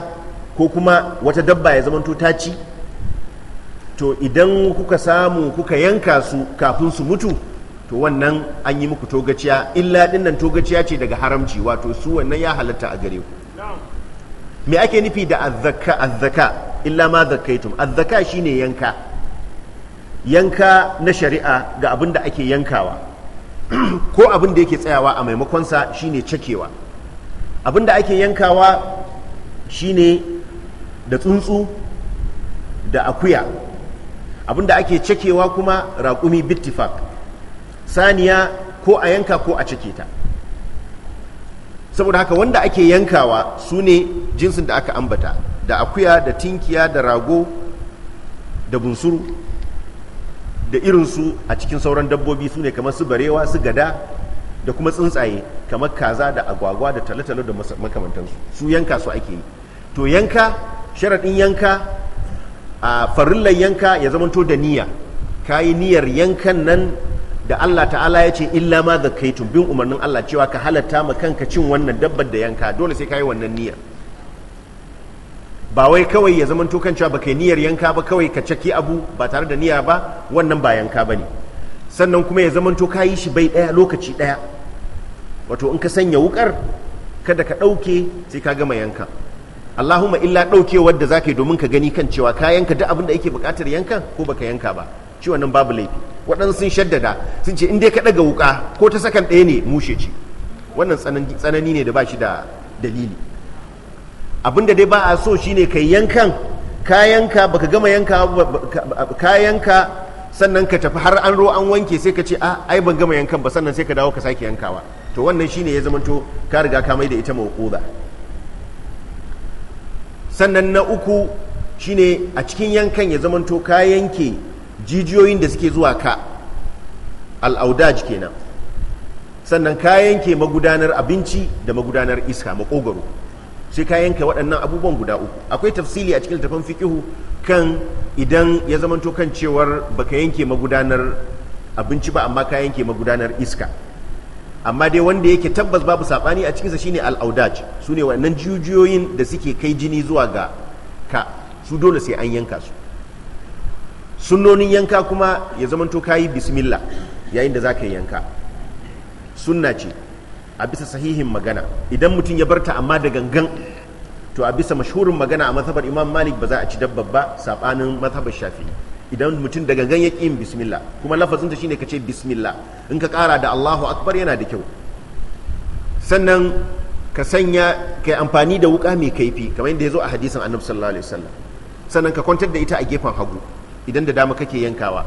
ko kuma wata dabba ya zamanto ta ci to idan kuka samu kuka yanka su kafin su mutu to wannan an yi muku togaciya illa ɗinnan togaciya ce daga haramci wato su wannan ya halatta a gare ku me ake nufi da azzaka azzaka illa ma zakkaitum azzaka shine yanka yanka na shari'a ga abin da ake yankawa ko abin da yake tsayawa a maimakonsa shine cakewa abin da ake yankawa shine da tsuntsu da akuya abin da ake cakewa kuma raƙumi bittifak saniya ko a yanka ko a cake ta saboda haka wanda ake yankawa su ne jinsin da aka ambata da akuya da tinkiya da rago da bunsuru da irinsu a cikin sauran dabbobi su ne kamar su barewa su gada da kuma tsuntsaye kamar kaza da agwagwa da tale da makamantansu su yanka su ake yi to yanka sharaɗin yanka a farillar yanka ya zamanto da niyya ka yi niyyar yankan nan da Allah ta'ala ya ce illa ma kai bin umarnin Allah cewa ka halatta ma kanka cin wannan dabbar da yanka dole sai ka yi wannan niyyar ba wai kawai ya zama kan cewa baka niyyar yanka ba kawai ka caki abu ba tare da niyya ba wannan ba yanka bane sannan kuma ya zama to ka yi shi bai daya lokaci daya wato in ka sanya wukar kada ka ɗauke sai ka gama yanka Allahumma illa daukewar da zaka yi domin ka gani kan cewa ka yanka duk abin da yake buƙatar yankan ko baka yanka ba shi wannan babu laifi waɗansu sun shaddada sun ce in dai ka ɗaga wuka ko ta sakan ɗaya ne mushe ce wannan tsanani ne da ba shi da dalili abinda dai ba a so shine kai yankan kayanka baka gama yanka kayanka sannan ka tafi har an ro an wanke sai ka ce a ah, ai ban gama yankan ba sannan sai ka dawo ka sake yankawa to wannan shine ya zamanto ka riga ka mai da ita mawquda sannan na uku shine a cikin yankan ya zamanto ka yanke jijiyoyin da suke zuwa ka al'audaj kenan sannan ka yanke magudanar abinci da magudanar iska makogaro sai ka yanke waɗannan abubuwan guda uku akwai tafsili a cikin littafin fikihu kan idan ya zamanto kan cewar baka yanke magudanar abinci ba amma ka yanke magudanar iska amma dai wanda yake tabbas babu saɓani a cikinsa shine al'audaj su ne waɗannan jijiyoyin da suke kai jini zuwa ga ka su dole sai an yanka su sunnonin yanka kuma ya zamanto kayi bismillah yayin da za ka yi yanka sunna ce a bisa sahihin magana idan mutum ya barta amma da gangan to a bisa mashhurin magana a mazhabar imam malik ba za a ci dabba ba sabanin mazhabar shafi idan mutum da gangan ya yin bismillah kuma lafazin ta shine ka ce bismillah in ka kara da allahu akbar yana da kyau sannan ka sanya kai amfani da wuka mai kaifi kamar yadda ya zo a hadisin annabi sallallahu alaihi wasallam sannan ka kwantar da ita a gefen hagu idan da dama kake yankawa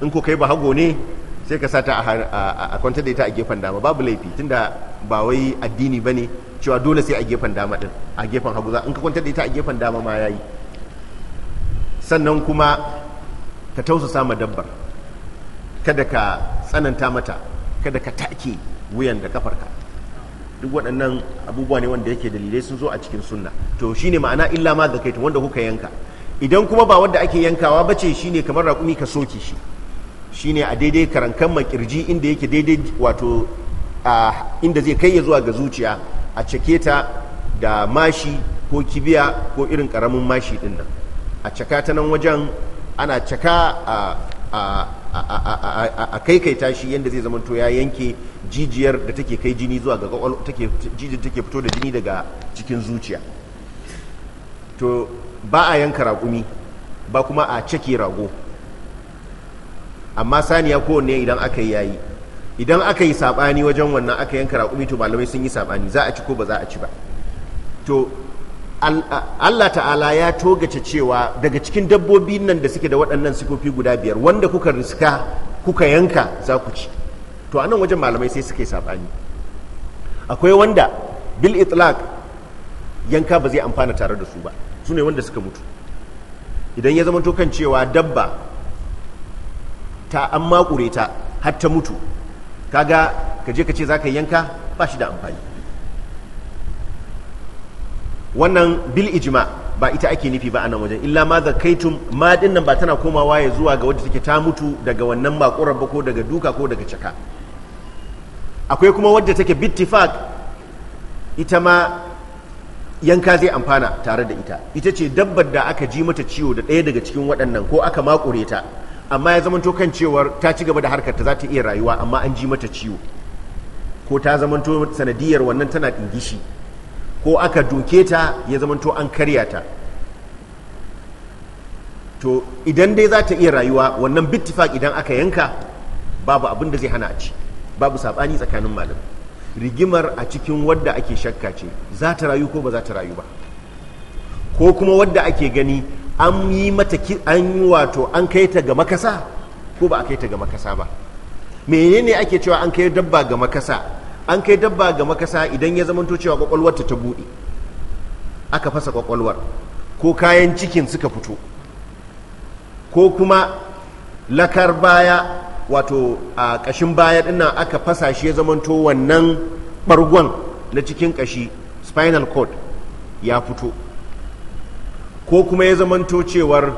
in ko kai ba hago ne sai ka sata a kwantar da ita a gefen dama babu laifi tunda ba wai addini ba ne cewa dole sai a gefen dama din a gefen hagu za in ka kwantar da ita a gefen dama ma yayi sannan kuma ka tausasa ma dabbar kada ka tsananta mata kada ka take wuyan da kafarka duk waɗannan abubuwa ne wanda yake dalilai sun zo a cikin sunna to shine ma'ana illa ma ga kai wanda kuka yanka idan kuma ba wanda ake yankawa ba ce shine kamar raƙumi ka soke shi shine a daidai karankan makirji inda yake daidai wato inda zai kai ya zuwa ga zuciya a cike ta da mashi ko kibiya ko irin karamin mashi ɗin nan a caka ta nan wajen ana caka a kaikaita shi yadda zai zamanto ya yanke jijiyar da take kai jini zuwa ga kwakwalwa take fito da jini daga cikin zuciya to ba a yanka raƙumi ba kuma a cike rago amma saniya kowanne idan aka yi yayi idan aka yi saɓani wajen wannan aka yanka raƙumi to malamai sun yi saɓani za a ci ko ba za a ci ba to Allah ta'ala ya togace cewa daga cikin dabbobi nan da suke da waɗannan sifofi guda biyar wanda kuka riska kuka yanka za ku ci to anan wajen malamai sai suka yi saɓani akwai wanda bil itlaq yanka ba zai amfana tare da su ba su ne wanda suka mutu idan ya zama kan cewa dabba ta an makure ta har ta mutu kaga ka je ka ce za ka yanka ba shi da amfani wannan bil ijma ba ita ake nufi ba a nan wajen illa ma kaitun ma din nan ba tana komawa ya zuwa ga wadda take ta mutu daga wannan makurar ba ko daga duka ko daga caka akwai kuma wadda take bittifak ita ma yanka zai amfana tare da ita ita ce dabbar da aka ji mata ciwo da ɗaya daga cikin waɗannan ko aka makure ta amma ya zamanto kan cewar ta ci gaba da harkar ta za ta iya rayuwa amma an ji mata ciwo ko ta zamanto sanadiyar wannan tana ɗingishi ko aka doke ta ya zamanto an karya ta to idan dai za ta iya rayuwa wannan bittifak idan aka yanka babu abin da zai hana a ci babu saɓani tsakanin malamai rigimar a cikin wadda ake shakka ce za ta rayu ko ba za ta rayu ba ko kuma wadda ake gani an yi mata an yi wato an kai ta ga makasa ko ba a kai ta ga makasa ba menene ake cewa an kai dabba ga makasa an kai dabba ga makasa idan ya zamanto cewa kwakwalwarta ta buɗe aka fasa kwakwalwar ko kayan cikin suka fito ko kuma lakar baya wato a kashin baya dinnan aka fasa shi ya zamanto wannan bargon na cikin kashi spinal cord ya fito ko kuma ya zamanto cewar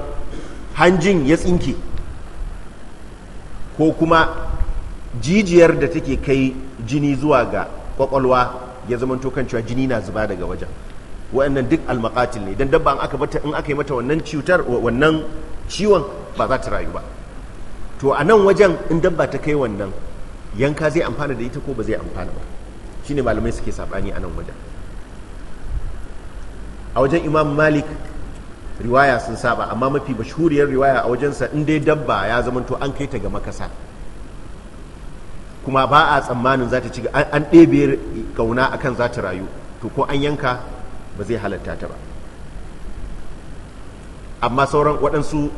hanjin ya tsinke ko kuma jijiyar da take kai jini zuwa ga kwakwalwa ya zamanto kan cewa jini na zuba daga wajen wa'annan duk almakatil ne don dabba in aka yi mata wannan cutar wannan ciwon ba za ta rayu ba to a nan wajen in dabba ta kai wannan yanka zai amfana da ita ko ba zai amfana ba shine malamai suke sabani a nan wajen a wajen imam malik riwaya sun saba amma mafi bashuriyar riwaya a wajensa in dai dabba ya zama to an kai ta ga makasa kuma ba a tsammanin za ta ci an ɗebe kauna akan za ta rayu to ko an yanka ba zai halatta ta ba amma sauran waɗansu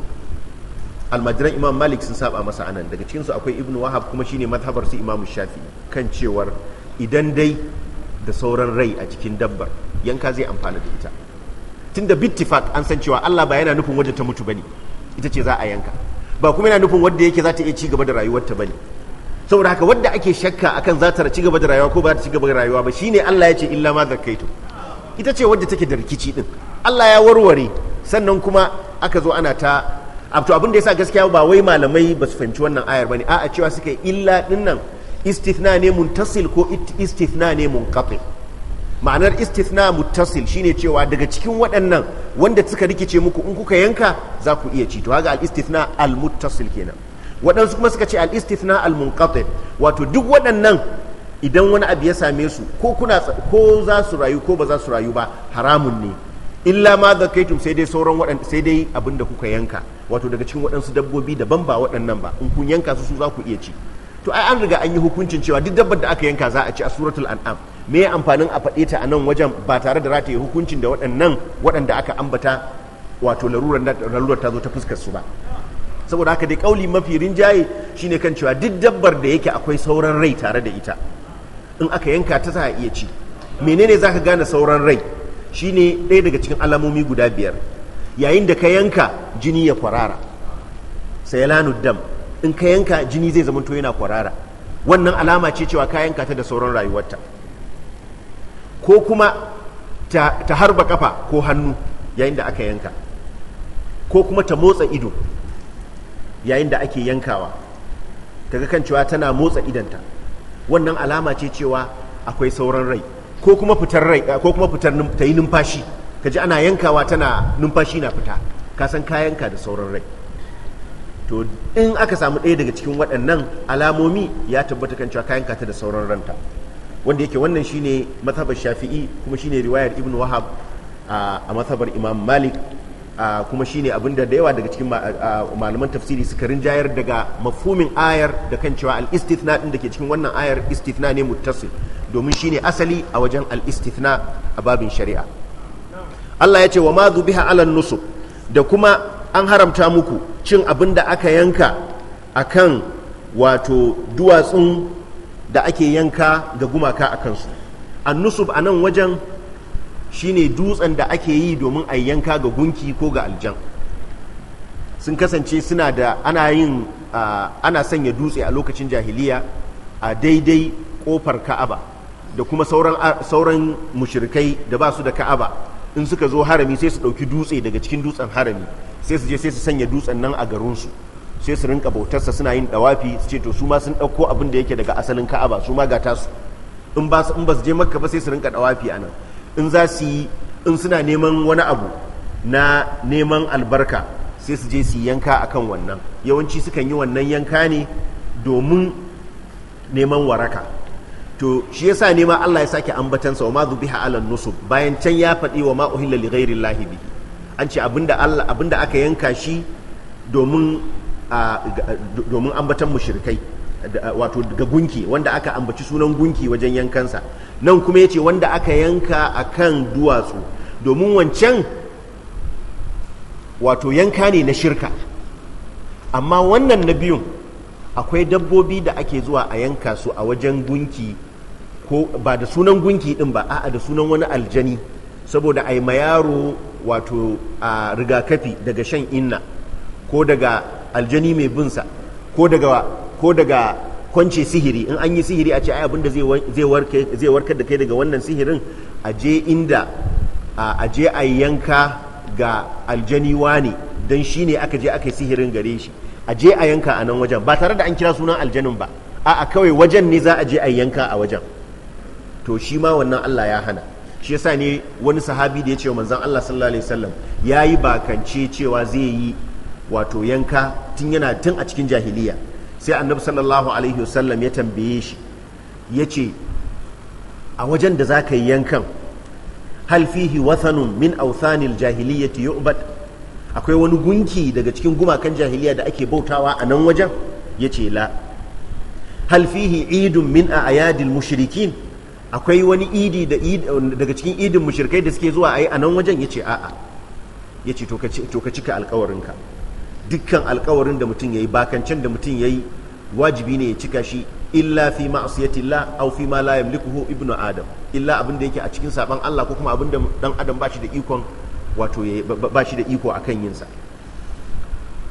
almajiran imam malik sun saba masa anan daga cikinsu akwai ibnu wahab kuma shine madhabar su imam shafi kan cewar idan dai da sauran rai a cikin dabbar yanka zai amfana da ita tunda bittifak an san cewa allah ba yana nufin wadda ta mutu bane ita ce za a yanka ba kuma yana nufin wadda yake za ta iya ci gaba da rayuwarta bane saboda haka wadda ake shakka akan za ta ci gaba da rayuwa ko ba za ta ci gaba da rayuwa ba shine allah ya ce illa ma zakaitu ita ce wadda take da rikici din allah ya warware sannan kuma aka zo ana ta abu abin da yasa gaskiya ba wai malamai ba su fahimci wannan ayar bane a'a cewa suka yi illa dinnan istithna ne muntasil ko istithna ne munqati ma'anar istithna muttasil shine cewa daga cikin waɗannan wanda suka rikice muku in kuka yanka za ku iya ci to haka al-istithna al-muttasil kenan waɗansu kuma suka ce al-istithna al-munqati wato duk waɗannan idan wani abu ya same su ko kuna ko za su rayu ko ba za su rayu ba haramun ne illa ma zakaitum sai dai sauran waɗanda sai dai abin da kuka yanka wato daga cikin waɗansu dabbobi daban ba waɗannan ba in kun yanka su su za ku iya ci to ai an riga an yi hukuncin cewa duk dabbar da aka yanka za a ci a suratul an'am me ya amfanin a faɗe ta a nan wajen ba tare da rataye hukuncin da waɗannan waɗanda aka ambata wato larurar ta zo ta fuskar su ba saboda haka dai kauli mafi rinjaye shine kan cewa duk dabbar da yake akwai sauran rai tare da ita in aka yanka ta za a iya ci menene zaka gane sauran rai shine ɗaya daga cikin alamomi guda biyar yayin da ka yanka jini ya kwarara sai lanu dam in ka yanka jini zai zama to yana kwarara wannan alama ce cewa ka yanka ta da sauran rayuwarta ko kuma ta, harba kafa ko hannu yayin da aka yanka ko kuma ta motsa ido yayin da ake yankawa kaga kan cewa tana motsa idanta wannan alama ce cewa akwai sauran rai ko kuma fitar rai ko kuma fitar ta yi numfashi ka ji ana yankawa tana numfashi na fita ka san ka da sauran rai to in aka samu ɗaya daga cikin waɗannan alamomi ya tabbata kan cewa ka yanka ta da sauran ranta wanda yake wannan shine mazhabar shafi'i kuma shine riwayar ibn wahab a mazhabar imam malik kuma shine abin da yawa daga cikin malaman tafsiri suka rinjayar daga mafumin ayar da kan cewa al-istithna din ke cikin wannan ayar istithna ne muttasil domin shine asali a wajen al-istithna a babin shari'a Allah ya ce wa ma zubiha alal nusuk da kuma an haramta muku cin abin da aka yanka akan wato duwatsun da ake yanka ga gumaka a kansu an nusub a nan wajen shine dutsen da ake yi domin a yanka ga gunki ko ga aljan sun kasance suna da ana yin ana sanya dutse a lokacin jahiliya a daidai kofar ka'aba da kuma sauran mushirikai da ba su da ka'aba in suka zo harami sai su ɗauki dutse daga cikin dutsen harami sai su je sai su sanya dutsen nan a garinsu sai su rinka bautarsa suna yin dawafi su ce to su ma sun ɗauko abin da yake daga asalin ka'aba su ma ga tasu in ba su in ba su je makka ba sai su rinka dawafi a nan in za su yi in suna neman wani abu na neman albarka sai su je su yanka akan wannan yawanci sukan yi wannan yanka ne domin neman waraka to shi yasa ne ma Allah ya sake ambatansa wa ma biha ala nusub bayan can ya faɗi wa ma uhilla li ghairi llahi bihi an ce abinda Allah abinda aka yanka shi domin domin ambatan mushrikai wato ga gunki wanda aka ambaci sunan gunki wajen yankansa nan kuma yace wanda aka yanka akan duwatsu domin wancan wato yanka ne na shirka amma wannan na biyun akwai dabbobi da ake zuwa a yanka su a wajen gunki ko ba da sunan gunki din ba a'a da sunan wani aljani saboda a ma yaro wato a rigakafi daga shan inna ko daga aljani mai binsa ko daga ko daga kwance sihiri in an yi sihiri a ce ai abinda zai warkar da kai daga wannan sihirin a je inda a je a yanka ga aljani wani don shi ne aka je aka yi sihirin gare shi a je a yanka a nan wajen ba tare da an kira sunan aljanin ba a'a kawai wajen ne za a je a yanka a wajen to shi ma wannan Allah ya hana shi yasa ne wani sahabi da ya ce manzon Allah sallallahu alaihi wasallam yayi bakance cewa zai yi wato yanka tun yana tun a cikin jahiliya sai annabi sallallahu alaihi wasallam ya tambaye shi ya ce a wajen da za ka yi yankan hal fihi wathanun min authanil jahiliyyati yu'bad akwai wani gunki daga cikin gumakan jahiliya da ake bautawa a nan wajen ya ce la hal fihi idun min a ayadil mushrikin akwai wani idi daga cikin idin mushrikai da suke zuwa ayi a nan wajen ya ce a'a ce to ka cika alkawarinka dukkan alkawarin da mutum ya yi bakancin da mutum ya yi wajibi ne ya cika shi illa fi ma'asiyatillah au fi ma la ho ibnu adam illa abin da yake a cikin saban Allah ko kuma abin da dan adam shi da ikon wato bashi da iko akan yin sa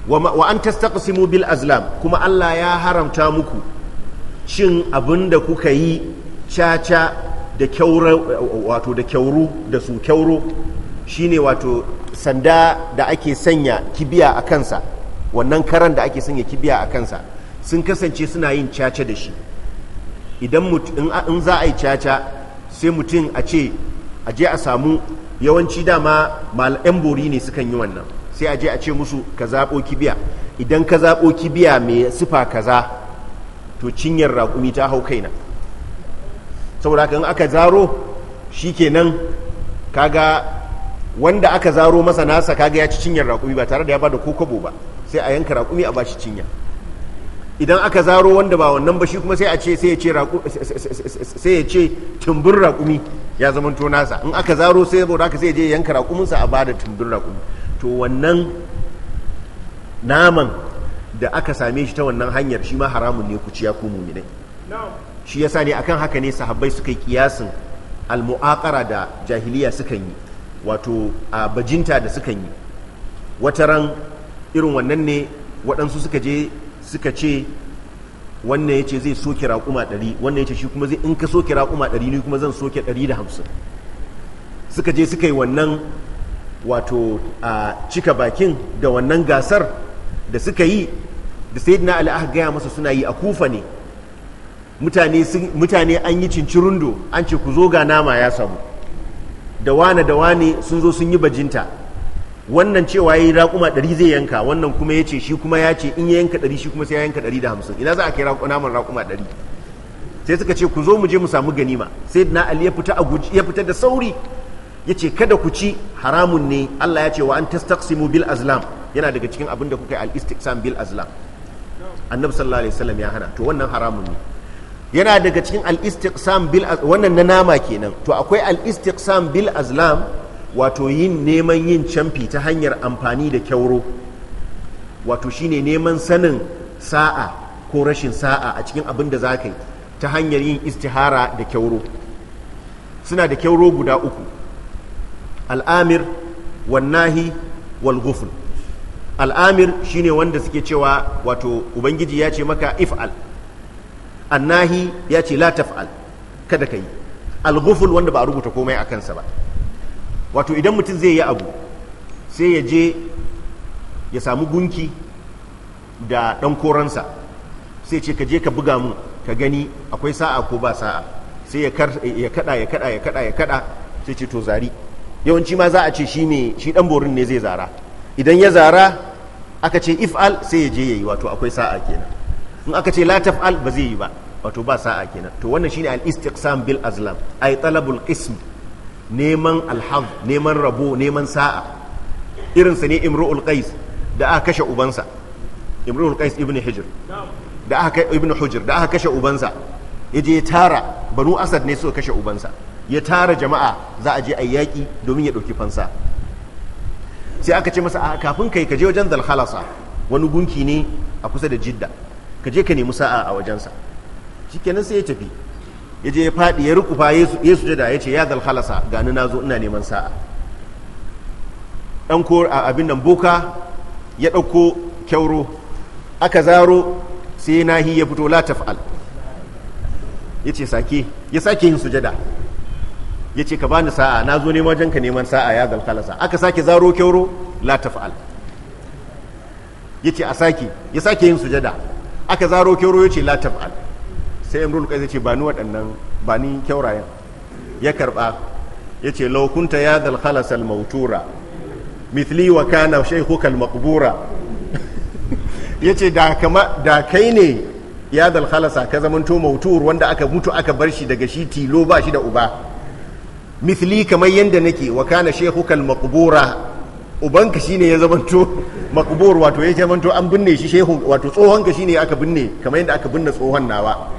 wa an tastaqsimu bil azlam kuma Allah ya haramta muku cin abin da kuka yi caca da wato da kyauru da su kyauro shine wato sanda da ake sanya kibiya a kansa wannan karan da ake sanya kibiya a kansa sun kasance suna yin caca da shi idan in za a yi caca sai mutum a ce a je a samu yawanci dama mal'an bori ne sukan yi wannan sai a je a ce musu ka zaɓo kibiya idan ka zaɓo kibiya mai sifa kaza to cinyar raƙumi ta hau kaina saboda haka in aka zaro shi kenan kaga wanda aka zaro masa nasa kaga ya ci cinyar raƙumi ba tare da ya bada ko kwabo ba sai a yanka raƙumi a bashi cinya idan aka zaro wanda ba wannan ba shi kuma sai a ce sai ya ce sai ya ce tumbin raƙumi ya zamanto nasa in aka zaro sai saboda haka sai ya je yanka sa a bada tumbin raƙumi to wannan naman da aka same shi ta wannan hanyar shi ma haramun ne ku ciya ku muminai shi yasa ne akan haka ne sahabbai suka yi kiyasin almu'aqara da jahiliya sukan yi wato a bajinta da sukan yi wata ran irin wannan ne waɗansu suka je suka ce wannan ya ce zai soke raƙuma ɗari wannan ya ce shi kuma zai in ka soke raƙuma ɗari ni kuma zan soke ɗari da hamsin suka je suka yi wannan wato a cika bakin da wannan gasar da suka yi da sai na ali aka gaya masa suna yi a kufa ne mutane an yi cincirundo an ce ku zo ga nama ya samu da wane da wane sun zo sun yi bajinta wannan cewa ya yi raƙuma ɗari zai yanka wannan kuma ya ce shi kuma ya ce in ya yanka ɗari shi kuma sai ya yanka ɗari da hamsin ina za a kai naman raƙuma ɗari sai suka ce ku zo mu je mu samu ganima sai na ali ya fita ya fita da sauri ya ce kada ku ci haramun ne Allah ya ce wa an tastaqsimu bil azlam yana daga cikin abin da kuka yi al istiqsam bil azlam annabi sallallahu alaihi wasallam ya hana to wannan haramun ne yana daga cikin al-istiqsam bil wannan na nama kenan to akwai al-istiqsam bil azlam wato yin neman yin camfi ta hanyar amfani da kyauro wato shine neman sanin sa'a ko rashin sa'a a cikin abin da za ka yi ta hanyar yin istihara da kyauro suna da kyauro guda uku al'amir wannahi wal ghufl al'amir shine wanda suke cewa wato ubangiji ya ce maka if'al annahi ya ce la taf'al kada ka yi alghuful wanda ba a rubuta komai a kansa ba wato idan mutum zai yi abu sai ya je ya samu gunki da ɗan koransa sai ce ka je ka buga mu ka gani akwai sa'a ko ba sa'a sai ya kada ya kada ya kada ya kada sai ce to zari yawanci ma za a ce shi ne dan borin ne zai zara idan ya zara aka ce if'al sai ya je yayi wato akwai sa'a kenan in aka ce lataf al ba zai yi ba wato ba sa'a kenan to wannan shine al istiqsam bil azlam ay talabul qism neman alhaz neman rabo neman sa'a sa ne Imrul qais da aka kashe ubansa Imrul qais ibn hijr da aka ibn hujr da aka kashe ubansa yaje ya tara banu asad ne suka kashe ubansa ya tara jama'a za a je a yaƙi domin ya ɗauki fansa sai aka ce masa kafin kai ka je wajen dalhalasa wani gunki ne a kusa da jidda ka je ka nemi sa'a a wajensa kenan sai ya tafi ya je ya faɗi ya rukufa ya sujada ya ce ya halasa gani na zo ina neman sa'a ɗan ko abin nan boka ya ɗauko kyauro aka zaro sai nahi ya fito la taf'al ya ce sake ya sake yin sujada ya ce ka bani sa'a na zo neman ka neman sa'a ya halasa aka sake zaro kyauro la taf'al ya ce a sake ya sake yin sujada aka zaro kyoro ya ce la al sai imrul qais zai ce ba ni waɗannan ba ni kyaurayen ya karba ya ce laukunta ya dal khalas al mautura mithli wa kana shaykhuka al maqbura ya ce da kama da kai ne ya dal khalasa ka to mautur wanda aka mutu aka bar shi daga shi tilo ba shi da uba mithli kamar yanda nake wa kana shaykhuka al maqbura ubanka ne ya zamanto makbur wato ya zamanto an binne shi shehu wato tsohon tsohonka shine aka binne kamar yadda aka binne tsohon nawa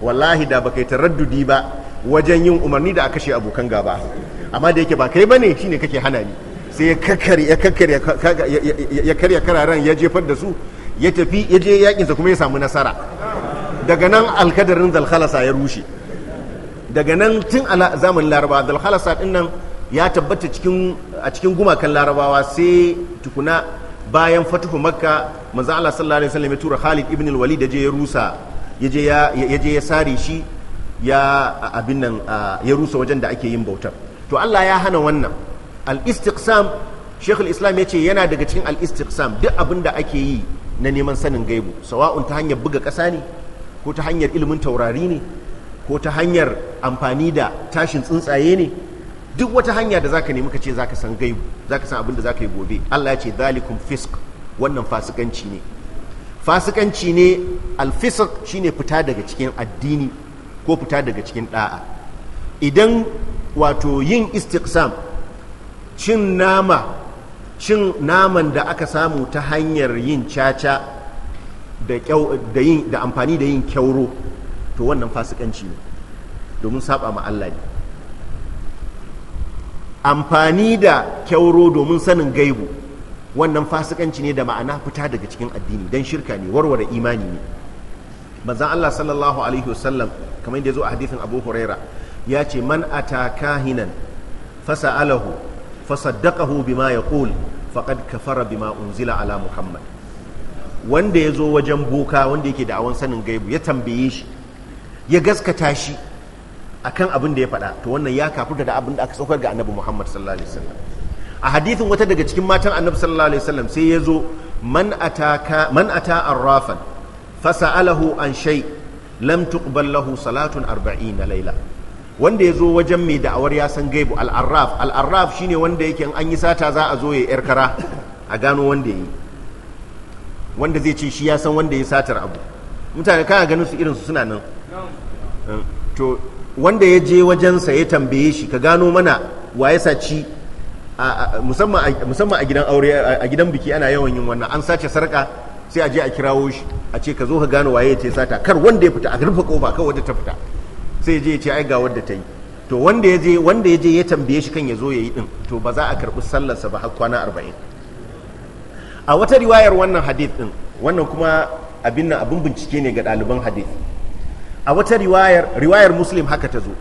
wallahi da baka yi taraddudi ba wajen yin umarni da a kashe abokan gaba amma da yake ba kai bane shine kake hana ni sai ya kakkare ya kakkare ya karya kararan ya jefar da su ya tafi ya je yakinsa kuma ya samu nasara daga nan alkadarin zalhalasa ya rushe daga nan tun a zamanin laraba zalhalasa din nan ya tabbata cikin a cikin gumakan larabawa sai tukuna bayan fatuhu makka manzo Allah sallallahu alaihi wasallam ya tura Khalid ibn al-Walid da je ya rusa ya je ya sare shi ya abin nan ya rusa wajen da ake yin bautar to Allah ya hana wannan al-istiqsam Sheikh al-Islam yace yana daga cikin al-istiqsam duk abin da ake yi na neman sanin gaibu sawa'un ta hanyar buga ƙasa ne ko ta hanyar ilimin taurari ne ko ta hanyar amfani da tashin tsuntsaye ne duk wata hanya da zaka nemi ka ce zaka san gaibu zaka san abin da zaka yi gobe Allah ya ce zalikum fisq wannan fasikanci ne fasikanci ne alfisq shine fita daga cikin addini ko fita daga cikin da'a idan wato yin istiqsam cin nama cin naman da aka samu ta hanyar yin caca da amfani da yin kyauro to wannan fasikanci ne domin saba ma Allah ne amfani da kyauro domin sanin gaibu wannan fasikanci ne da ma'ana fita daga cikin addini don shirka ne warware imani ne manzan Allah sallallahu alaihi wasallam kamar yadda ya zo a hadithin Abu Huraira ya ce man ata kahinan fasa alahu fasaddaqahu bima yaqul faqad kafara bima unzila ala Muhammad wanda ya zo wajen boka wanda yake da awon sanin gaibu ya tambaye shi ya gaskata shi akan abin da ya faɗa to wannan ya kafurta da abin da aka saukar ga annabi Muhammad sallallahu alaihi wasallam a hadithin wata daga cikin matan annabi sallallahu alaihi wasallam sai ya zo man ataka man ata arrafan sa'alahu an shay lam tuqbal lahu salatun 40 layla. wanda ya zo wajen mai da'awar ya san gaibu al-arraf shine wanda yake in an yi sata za a zo ya yar kara a gano wanda ya yi wanda zai ce shi ya san wanda ya satar abu mutane kana ganin su irin su suna nan to wanda ya je wajensa ya tambaye shi ka gano mana wa ya saci musamman a gidan aure a gidan biki ana yawan yin wannan an sace sarka sai a je a kirawo shi a ce ka zo ka gano waye ya ce sata kar wanda ya fita a rufe kofa kawai wadda ta fita sai je ya ce ai ga wadda ta yi to wanda ya je wanda ya je ya tambaye shi kan ya zo ya yi din to ba za a karɓi sallarsa ba har kwana arba'in a wata riwayar wannan hadith din wannan kuma abin nan abin bincike ne ga ɗaliban hadith a wata riwayar riwayar muslim haka ta zo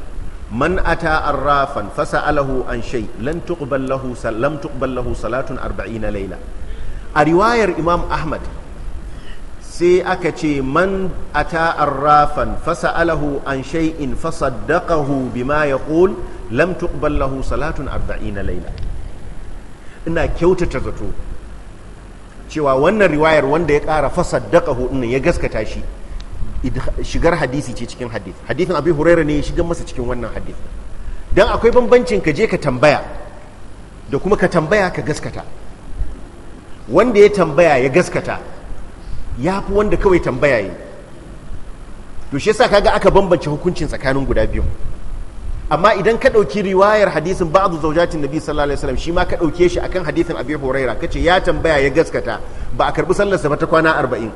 man ata arrafan fasa'alahu an shay lam tuqbal lam tuqballahu lahu salatun 40 layla a riwayar imam ahmad sai aka ce man ata arrafan alahu an shai shay'in fasaddaqahu bima yaqul lam tuqballahu lahu salatun 40 layla ina kyautata zato cewa wannan riwayar wanda ya ƙara fasaddaqahu din ya gaskata shi shigar hadisi ce cikin hadith hadithin abu huraira ne shigar masa cikin wannan hadith don akwai bambancin ka je ka tambaya da kuma ka tambaya ka gaskata wanda ya tambaya ya gaskata ya fi wanda kawai tambaya yi to shi yasa kaga aka bambance hukuncin tsakanin guda biyu amma idan ka ɗauki riwayar hadisin ba'adu zaujatin nabi sallallahu alaihi wasallam shi ma ka ɗauke shi akan hadisin abu huraira kace ya tambaya ya gaskata ba a karbi sallarsa ba ta kwana arba'in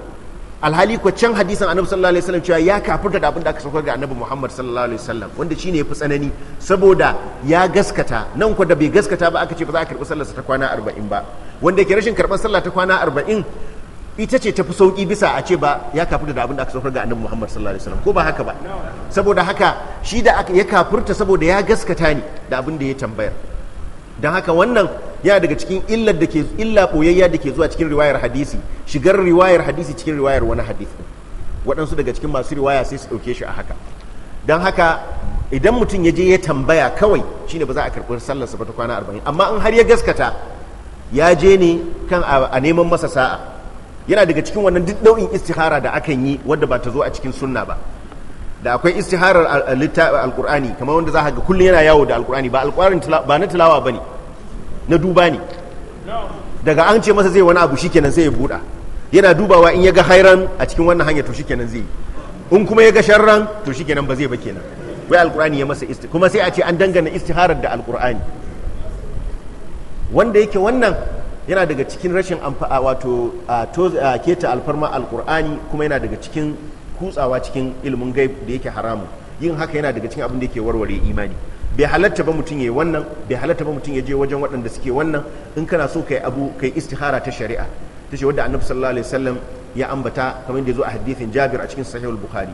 alhali ko can hadisin annabi sallallahu alaihi wasallam cewa ya kafirta da abin da aka saukar ga annabi Muhammad sallallahu alaihi wasallam wanda shine yafi tsanani saboda ya gaskata nan ko da bai gaskata ba aka ce ba za a karbi sallarsa ta kwana 40 ba wanda ke rashin karban sallah ta kwana 40 ita ce tafi sauki bisa a ce ba ya kafirta da abin da aka saukar ga annabi Muhammad sallallahu alaihi wasallam ko ba haka ba saboda haka shi da ya kafirta saboda ya gaskata ne da abin da ya tambayar don haka wannan yana daga cikin illa da ke illa koyayya da ke zuwa cikin riwayar hadisi shigar riwayar hadisi cikin riwayar wani hadisi waɗansu daga cikin masu riwaya sai su ɗauke shi a haka don haka idan mutum ya je ya tambaya kawai shine ba za a karɓi sallarsa ba ta kwana arba'in amma in har ya gaskata ya je ne kan a neman masa sa'a yana daga cikin wannan duk nau'in istihara da akan yi wadda ba ta zo a cikin sunna ba da akwai istiharar alkur'ani kamar wanda za ga kullum yana yawo da alkur'ani ba alkur'ani ba na tilawa ba ne na duba ne daga an ce masa zai wani abu shikenan zai ya buɗa yana dubawa in ya ga hairan a cikin wannan hanyar to shikenan zai yi in kuma ya ga sharran to shikenan ba zai ba kenan wai alkur'ani ya masa isti kuma sai a ce an dangana istiharar da alkur'ani wanda yake wannan yana daga cikin rashin wato keta alfarma alkur'ani kuma yana daga cikin kutsawa cikin ilimin gaib da yake haramu yin haka yana daga cikin abin da yake warware imani bai halatta ba mutum yi wannan bai halatta ba mutum ya je wajen waɗanda suke wannan in kana so kai abu kai istihara ta shari'a ta ce wadda annabi sallallahu alaihi wasallam ya ambata kamar da zo a hadithin Jabir a cikin sahih al-Bukhari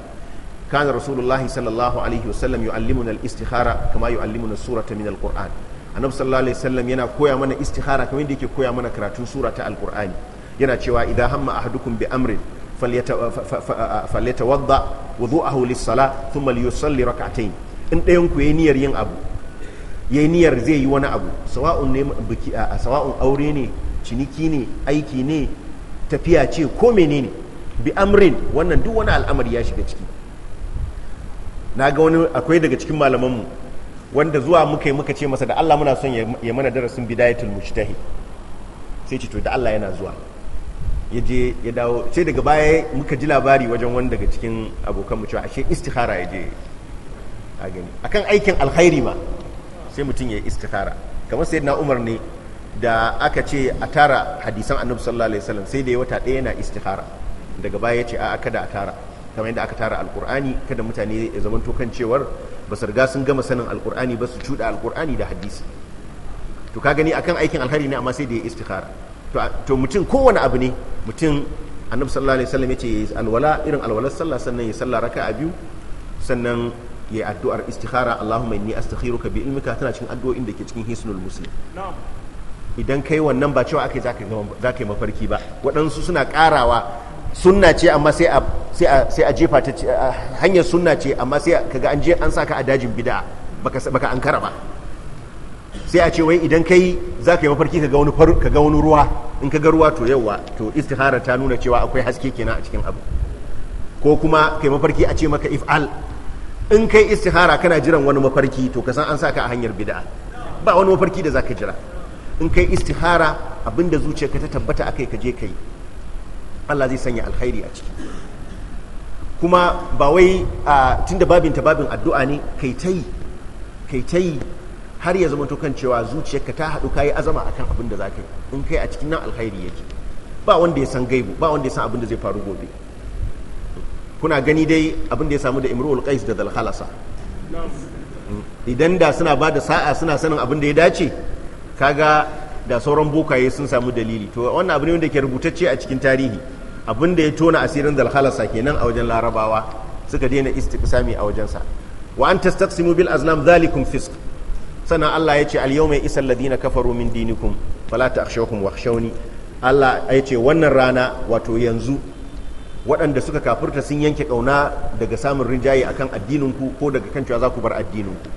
kana rasulullah sallallahu alaihi wasallam yu'allimuna al-istikhara kama yu'allimuna surata min al-Qur'an annabi sallallahu alaihi wasallam yana koya mana istihara kamar da yake koya mana karatun surata al-Qur'ani yana cewa idan hamma ahadukum bi amrin wadda a wudu'ahu sala sun maliyo salli rakatai in ɗayan ku niyyar yin abu yayi niyyar zai yi wani abu sawa'un ne biki a sawa'un aure ne ciniki ne aiki ne tafiya ce ko menene bi amrin wannan duk wani al'amari ya shiga ciki na ga wani akwai daga cikin malamanmu wanda zuwa muka yi muka ce masa da Allah muna son ya mana darasin bidayatul mujtahid sai ce to da Allah yana zuwa ya je ya dawo sai daga baya muka ji labari wajen wani daga cikin abokan cewa ashe istihara ya je a gani akan aikin alkhairi ma sai mutum ya yi istihara kamar na Umar ne da aka ce a tara hadisan Annabi sallallahu alaihi wasallam sai da ya wata ɗaya yana istihara daga baya ya ce a kada a tara kamar yadda aka tara alkur'ani kada mutane ya zama kan cewar ba su riga sun gama sanin alkur'ani ba su cuɗa alkur'ani da hadisi to ka gani akan aikin alhari ne amma sai da ya istihara to mutum kowane abu ne mutum annabi sallallahu alaihi wasallam yace alwala irin alwalar sallah sannan ya sallah raka'a biyu sannan ya addu'ar istikhara Allahumma inni astakhiruka bi ilmika tana cikin addu'o'in da ke cikin hisnul muslim idan kai wannan ba cewa ake zaka zaka yi mafarki ba waɗansu suna ƙarawa sunna ce amma sai a jefa ta hanyar sunna ce amma sai kaga an je an saka a dajin bid'a baka baka ankara ba sai a ce wai idan kai za ka yi mafarki ka ga wani ruwa in ka ga ruwa to yauwa to istihara ta nuna cewa akwai haske kenan a cikin abu ko kuma kai mafarki a ce maka if'al in kai istihara kana jiran wani mafarki to ka san an sa ka a hanyar bid'a ba wani mafarki da za ka jira in kai istihara abinda ka ta tabbata a kai ka je kai Allah zai sanya alkhairi a ciki kuma ba wai tunda babin ta babin addu'a ne kai ta kai har ya zama to kan cewa zuciyarka ta haɗu kayi azama akan abin da zaka yi in kai a cikin nan alkhairi yake ba wanda ya san gaibu ba wanda ya san abin da zai faru gobe kuna gani dai abin da ya samu da imrul qais da dalhalasa hmm. idan da suna ba da sa'a suna sanin abin da ya dace kaga da sauran bokaye sun samu dalili to wannan abu ne wanda ke rubutacce a cikin tarihi abin da ya tona asirin dalhalasa kenan a wajen larabawa suka daina istiqsami a wajensa wa an tastaqsimu bil azlam dhalikum fisq sannan Allah ya ce al mai isa alladhina kafaru min dinikum fala wa wakhshawni Allah ya ce wannan rana wato yanzu waɗanda suka kafirta sun yanke kauna daga samun rinjaye akan addinin ku ko daga kan cewa za ku bar addinin ku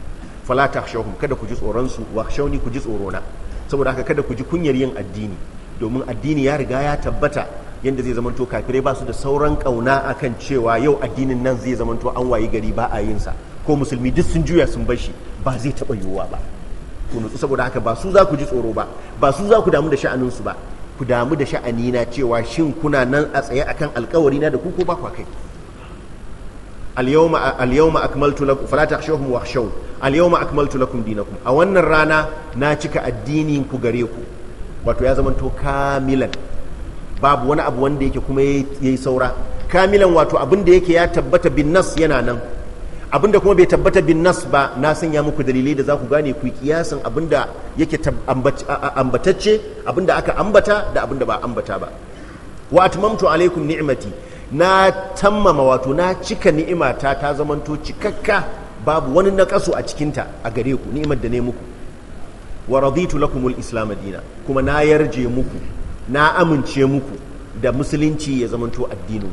fala kada ku ji tsoron su wakhshawni ku ji tsorona saboda haka kada ku ji kunyar yin addini domin addini ya riga ya tabbata yadda zai zamanto kafirai ba su da sauran kauna akan cewa yau addinin nan zai zamanto an wayi gari ba a yinsa ko musulmi duk sun juya sun bar shi ba zai taɓa yiwuwa ba ku nutsu saboda haka ba su za ku ji tsoro ba ba su za ku damu da sha'aninsu ba ku damu da sha'ani na cewa shin kuna nan a tsaye akan alkawari na da ku ko ba ku kai al-yawma al-yawma akmaltu lakum fala takhshawhum wakhshaw al-yawma akmaltu lakum dinakum a wannan rana na cika addinin ku gare ku wato ya zamanto kamilan babu wani abu wanda yake kuma yayi saura kamilan wato abin da yake ya tabbata bin nas yana nan abinda kuma bai tabbata bin nas ba na sanya muku dalilai da za ku gane ku kiyasin abinda yake ambatacce abinda aka ambata da abinda ba ambata ba wa atmamtu alaikum ni'mati na tammama wato na cika ni'imata ta zamanto cikakka babu wani nakasu a cikinta a gare ku ni'imar da ne muku wa raditu lakumul islam dina kuma na yarje muku na amince muku da musulunci ya zamanto addinin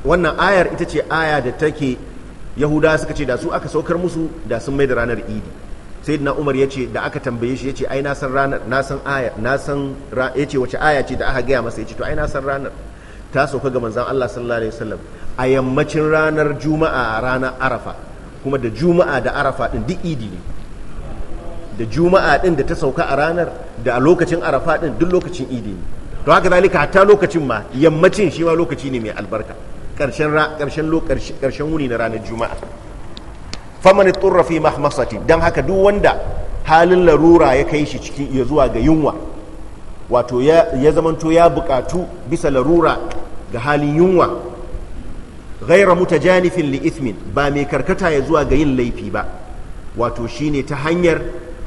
wannan ayar ita ce aya da take yahuda suka ce da su aka saukar musu da sun mai da ranar idi sai na umar ya ce da aka tambaye shi ya ce ai na san ranar na san aya na san ya ce wace aya ce da aka gaya masa ya ce to ai na san ranar ta sauka ga manzan Allah sallallahu alaihi wasallam a yammacin ranar juma'a a ranar arafa kuma da juma'a da arafa din duk idi ne da juma'a din da ta sauka a ranar da a lokacin arafa din duk lokacin idi ne to haka zalika hatta lokacin ma yammacin shi ma lokaci ne mai albarka karshen karshen wuni na ranar juma'a faman turra fi mahmasati dan haka duk wanda halin larura ya kai shi cikin ya zuwa ga yunwa wato ya zamanto ya bukatu bisa larura ga halin yunwa ghaira mutajanifin li ithmin ba mai karkata ya zuwa ga yin laifi ba wato shine ta hanyar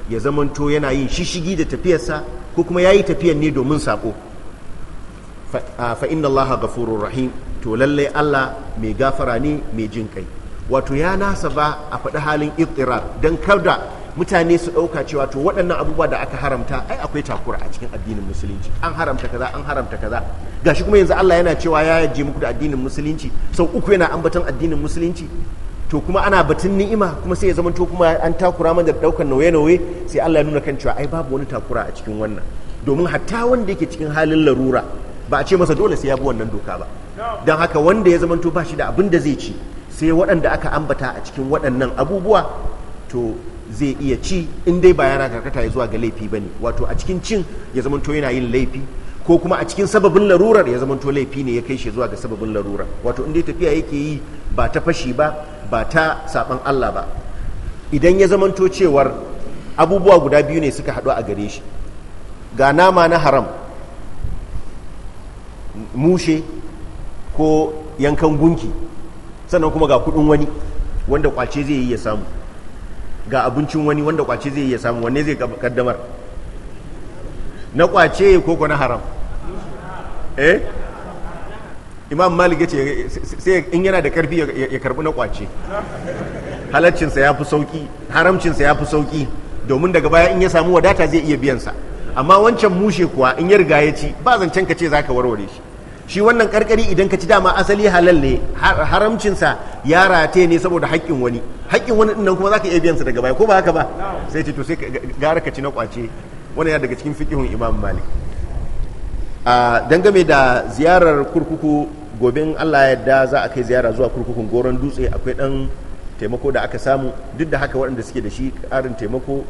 ya zamanto yana yin shishigi da tafiyarsa ko kuma ya yi tafiyar ne domin sako fa inna Allah ghafurur rahim to lallai Allah mai gafara ne mai jin kai wato ya nasa ba a faɗi halin ittirab Don kada mutane su ɗauka cewa to waɗannan abubuwa da aka haramta ai akwai takura a cikin addinin musulunci an haramta kaza an haramta kaza gashi kuma yanzu Allah yana cewa ya yaje muku da addinin musulunci sau uku yana ambaton addinin musulunci to kuma ana batun ni'ima kuma sai ya zama to kuma an takura man da ɗaukan nauye-nauye sai Allah ya nuna kan cewa ai babu wani takura a cikin wannan domin hatta wanda yake cikin halin larura ba a ce masa dole sai ya bi wannan doka ba don haka wanda ya zamanto ba shi da abin da zai ci sai waɗanda aka ambata a cikin waɗannan abubuwa to zai iya ci in dai ba yana karkata ya zuwa ga laifi ba ne wato a cikin cin ya zamanto yana yin laifi ko kuma a cikin sababin larurar ya zamanto laifi ne ya kai shi zuwa ga sababin larurar wato in dai tafiya yake yi ba ta fashi ba ba ta saban Allah ba idan ya zamanto cewar abubuwa guda biyu ne suka haɗu a gare shi ga nama na haram mushe ko yankan gunki sannan kuma ga kudin wani wanda kwace zai yi ya samu ga abincin wani wanda kwace zai yi ya samu wanne zai kaddamar na kwace ko ko na haram eh imam malik ya ce sai in yana da karfi ya karbi na kwace halaccinsa ya fi sauki haramcinsa ya fi sauki domin daga baya in ya samu wadata zai iya biyansa sa amma wancan mushe kuwa in ya riga ya ci ba zancen ka ce za ka warware shi shi wannan karkari idan ka ci dama asali halal ne haramcinsa ya rate ne saboda haƙƙin wani haƙƙin wani ɗin kuma za ka iya biyan sa daga baya ko ba haka ba sai ce to sai gara ka ci na kwace wani yana daga cikin fiƙihun imam malik a da ziyarar kurkuku gobe in allah yadda za a kai ziyara zuwa kurkukun goron dutse akwai dan taimako da aka samu duk da haka waɗanda suke da shi ƙarin taimako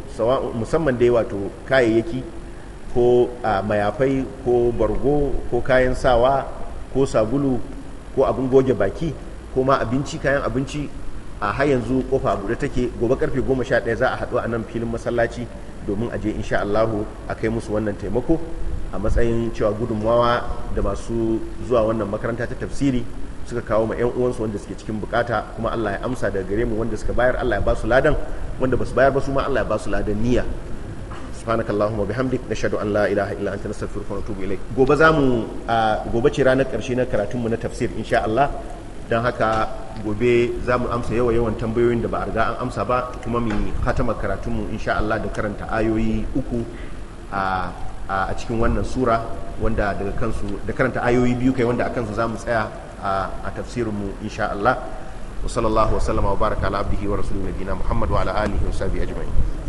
musamman dai wato kayayyaki ko mayafai ko bargo ko kayan sawa ko sabulu ko abin goge baki ko ma abinci kayan abinci a har yanzu kofa guda take gobe karfe goma sha 11 za a hadu a nan filin masallaci domin a je insha Allahu a kai musu wannan taimako a matsayin cewa gudunmawa da masu zuwa wannan makaranta ta tafsiri suka kawo ma 'yan uwansu wanda suke cikin bukata kuma Allah ya amsa daga gare mu wanda suka bayar Allah ya ba su ladan wanda ba su bayar ba su ma Allah ya ba su ladan niyya subhanakallahumma bihamdik nashhadu an la ilaha illa anta nastaghfiruka wa natubu ilayk gobe zamu gobe ce ranar karshe na karatunmu na tafsir insha Allah don haka gobe za mu amsa yawa yawan tambayoyin da ba a riga an amsa ba kuma mu katama karatunmu insha Allah da karanta ayoyi uku a cikin wannan sura wanda daga kansu da karanta ayoyi biyu kai wanda a kansu za mu tsaya a tafsirinmu insha Allah wa sallallahu wa sallama wa baraka ala abdihi wa rasulina nabiyina Muhammad wa ala alihi wa sahbihi ajma'in